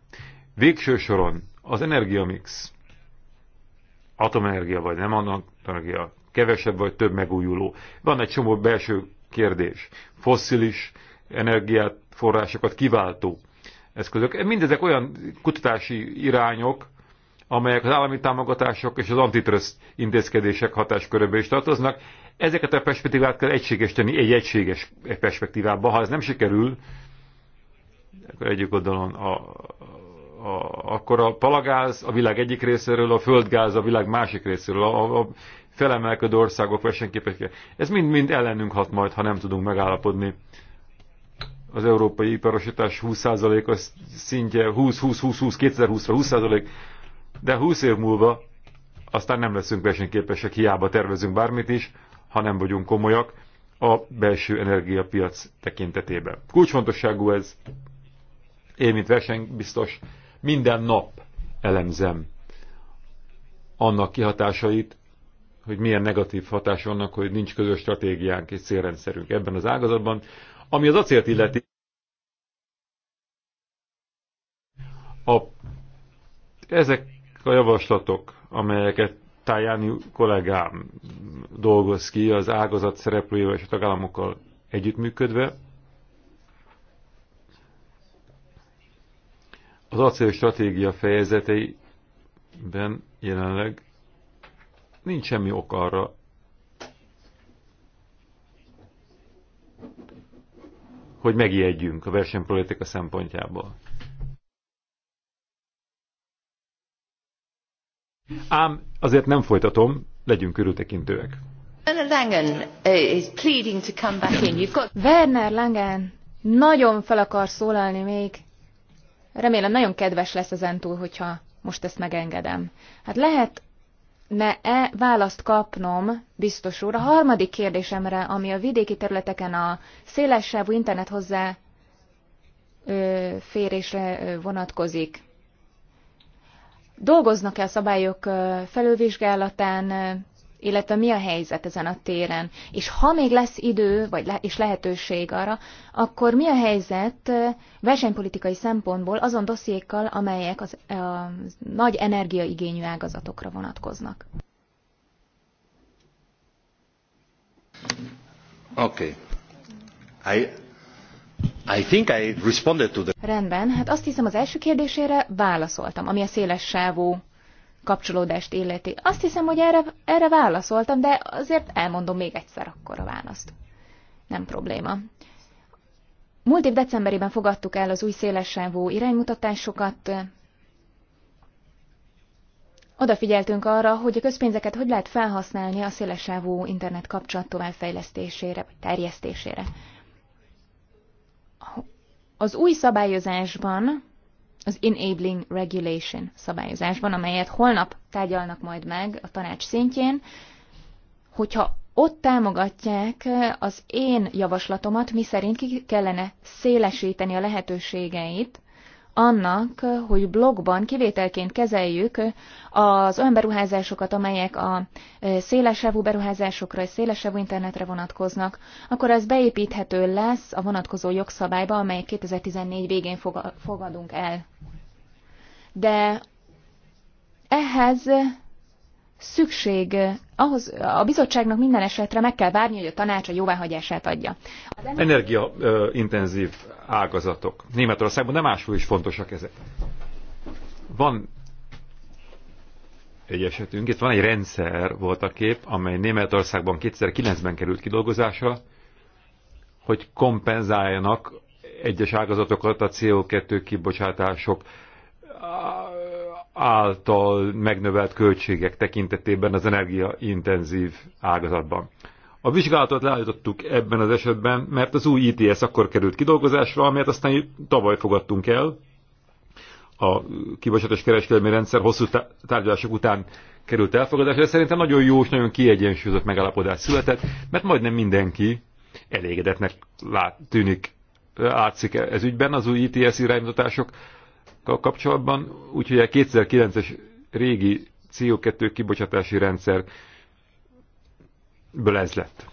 Végső soron az energiamix, atomenergia vagy nem atomenergia, kevesebb vagy több megújuló. Van egy csomó belső kérdés. Fosszilis energiát, forrásokat kiváltó eszközök. Mindezek olyan kutatási irányok, amelyek az állami támogatások és az antitrust intézkedések hatáskörébe is tartoznak. Ezeket a perspektívát kell tenni egy egységes perspektívába. Ha ez nem sikerül, akkor egyik oldalon a, a, akkor a palagáz a világ egyik részéről, a földgáz a világ másik részéről, a, a felemelkedő országok versenyképesek. Ez mind-mind ellenünk hat majd, ha nem tudunk megállapodni. Az európai iparosítás 20%-a szintje 20-20-20-20, 2020-ra 20%, de 20 év múlva aztán nem leszünk versenyképesek, hiába tervezünk bármit is, ha nem vagyunk komolyak a belső energiapiac tekintetében. Kulcsfontosságú ez. Én, mint versenybiztos, minden nap elemzem annak kihatásait, hogy milyen negatív hatás vannak, hogy nincs közös stratégiánk és célrendszerünk ebben az ágazatban. Ami az acélt illeti, a, ezek a javaslatok, amelyeket Tajani kollégám dolgoz ki az ágazat szereplőjével és a tagállamokkal együttműködve. Az acél stratégia fejezeteiben jelenleg nincs semmi ok arra, hogy megijedjünk a versenypolitika szempontjából. Ám azért nem folytatom, legyünk körültekintőek. Langen eh, is Werner Langen nagyon fel akar szólalni még. Remélem nagyon kedves lesz ezentúl, hogyha most ezt megengedem. Hát lehet ne-e választ kapnom, biztos úr, a harmadik kérdésemre, ami a vidéki területeken a szélesebb internet hozzá ö, férésre vonatkozik dolgoznak-e a szabályok felülvizsgálatán, illetve mi a helyzet ezen a téren. És ha még lesz idő, vagy le, és lehetőség arra, akkor mi a helyzet versenypolitikai szempontból azon dossziékkal, amelyek az, a nagy energiaigényű ágazatokra vonatkoznak? Oké. Okay. I Rendben, hát azt hiszem az első kérdésére válaszoltam, ami a széles sávú kapcsolódást illeti. Azt hiszem, hogy erre, erre válaszoltam, de azért elmondom még egyszer akkor a választ. Nem probléma. Múlt év decemberében fogadtuk el az új sávú iránymutatásokat. Odafigyeltünk arra, hogy a közpénzeket hogy lehet felhasználni a szélessávú internet kapcsolat továbbfejlesztésére vagy terjesztésére az új szabályozásban, az Enabling Regulation szabályozásban, amelyet holnap tárgyalnak majd meg a tanács szintjén, hogyha ott támogatják az én javaslatomat, mi szerint ki kellene szélesíteni a lehetőségeit annak, hogy blogban kivételként kezeljük az olyan beruházásokat, amelyek a szélesávú beruházásokra és szélesávú internetre vonatkoznak, akkor ez beépíthető lesz a vonatkozó jogszabályba, amely 2014 végén fogadunk el. De ehhez szükség, ahhoz a bizottságnak minden esetre meg kell várni, hogy a tanács a jóváhagyását adja. Az energiaintenzív ágazatok. Németországban nem másul is fontosak ezek. Van egy esetünk, itt van egy rendszer volt a kép, amely Németországban 2009-ben került kidolgozásra, hogy kompenzáljanak egyes ágazatokat a CO2 kibocsátások által megnövelt költségek tekintetében az energiaintenzív ágazatban. A vizsgálatot leállítottuk ebben az esetben, mert az új ITS akkor került kidolgozásra, amelyet aztán tavaly fogadtunk el. A kibocsátás kereskedelmi rendszer hosszú tárgyalások után került elfogadásra, de szerintem nagyon jó és nagyon kiegyensúlyozott megállapodás született, mert majdnem mindenki elégedetnek lát, tűnik, látszik ez ügyben az új ITS iránymutatások kapcsolatban, úgyhogy a 2009-es régi CO2 kibocsátási rendszerből ez lett.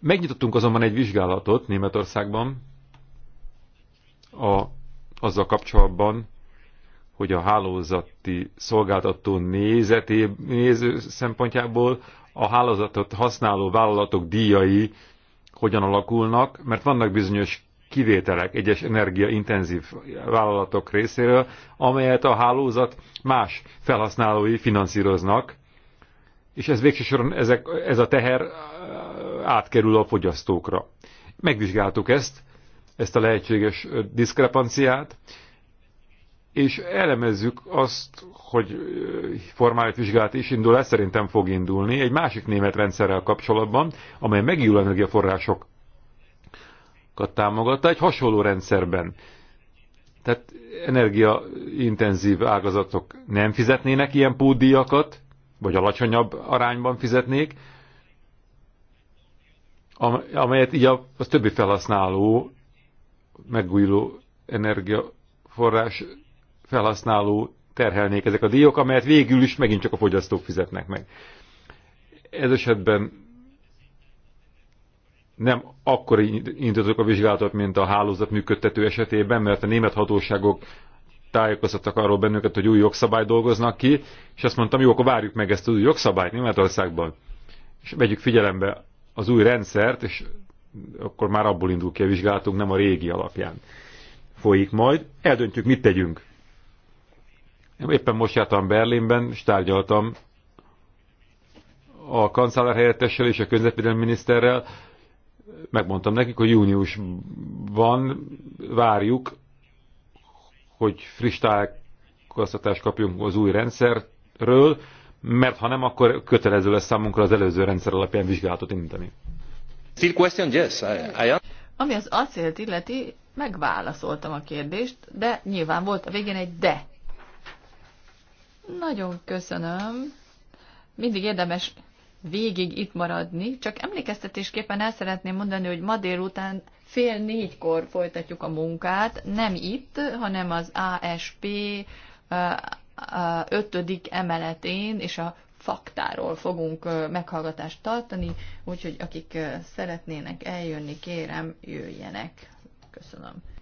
Megnyitottunk azonban egy vizsgálatot Németországban a, azzal kapcsolatban, hogy a hálózati szolgáltató nézeté, néző szempontjából a hálózatot használó vállalatok díjai hogyan alakulnak, mert vannak bizonyos kivételek egyes energiaintenzív vállalatok részéről, amelyet a hálózat más felhasználói finanszíroznak, és ez végső soron ezek, ez a teher átkerül a fogyasztókra. Megvizsgáltuk ezt, ezt a lehetséges diszkrepanciát, és elemezzük azt, hogy formális vizsgálat is indul, ez szerintem fog indulni, egy másik német rendszerrel kapcsolatban, amely megjúl energiaforrások támogatta egy hasonló rendszerben. Tehát energiaintenzív ágazatok nem fizetnének ilyen pótdíjakat, vagy alacsonyabb arányban fizetnék, amelyet így a, az többi felhasználó, megújuló energiaforrás felhasználó terhelnék ezek a díjok, amelyet végül is megint csak a fogyasztók fizetnek meg. Ez esetben nem akkor indítottuk a vizsgálatot, mint a hálózat működtető esetében, mert a német hatóságok tájékoztattak arról bennünket, hogy új jogszabály dolgoznak ki, és azt mondtam, jó, akkor várjuk meg ezt az új jogszabályt Németországban, és vegyük figyelembe az új rendszert, és akkor már abból indul ki a vizsgálatunk, nem a régi alapján folyik majd. Eldöntjük, mit tegyünk. Éppen most jártam Berlinben, és tárgyaltam a kancellár helyettessel és a közvetvédelmi miniszterrel, megmondtam nekik, hogy júniusban várjuk, hogy friss tájékoztatást kapjunk az új rendszerről, mert ha nem, akkor kötelező lesz számunkra az előző rendszer alapján vizsgálatot indítani. Still question, yes. I, Ami az acélt illeti, megválaszoltam a kérdést, de nyilván volt a végén egy de. Nagyon köszönöm. Mindig érdemes végig itt maradni, csak emlékeztetésképpen el szeretném mondani, hogy ma délután fél négykor folytatjuk a munkát, nem itt, hanem az ASP ötödik emeletén, és a faktáról fogunk meghallgatást tartani, úgyhogy akik szeretnének eljönni, kérem, jöjjenek. Köszönöm.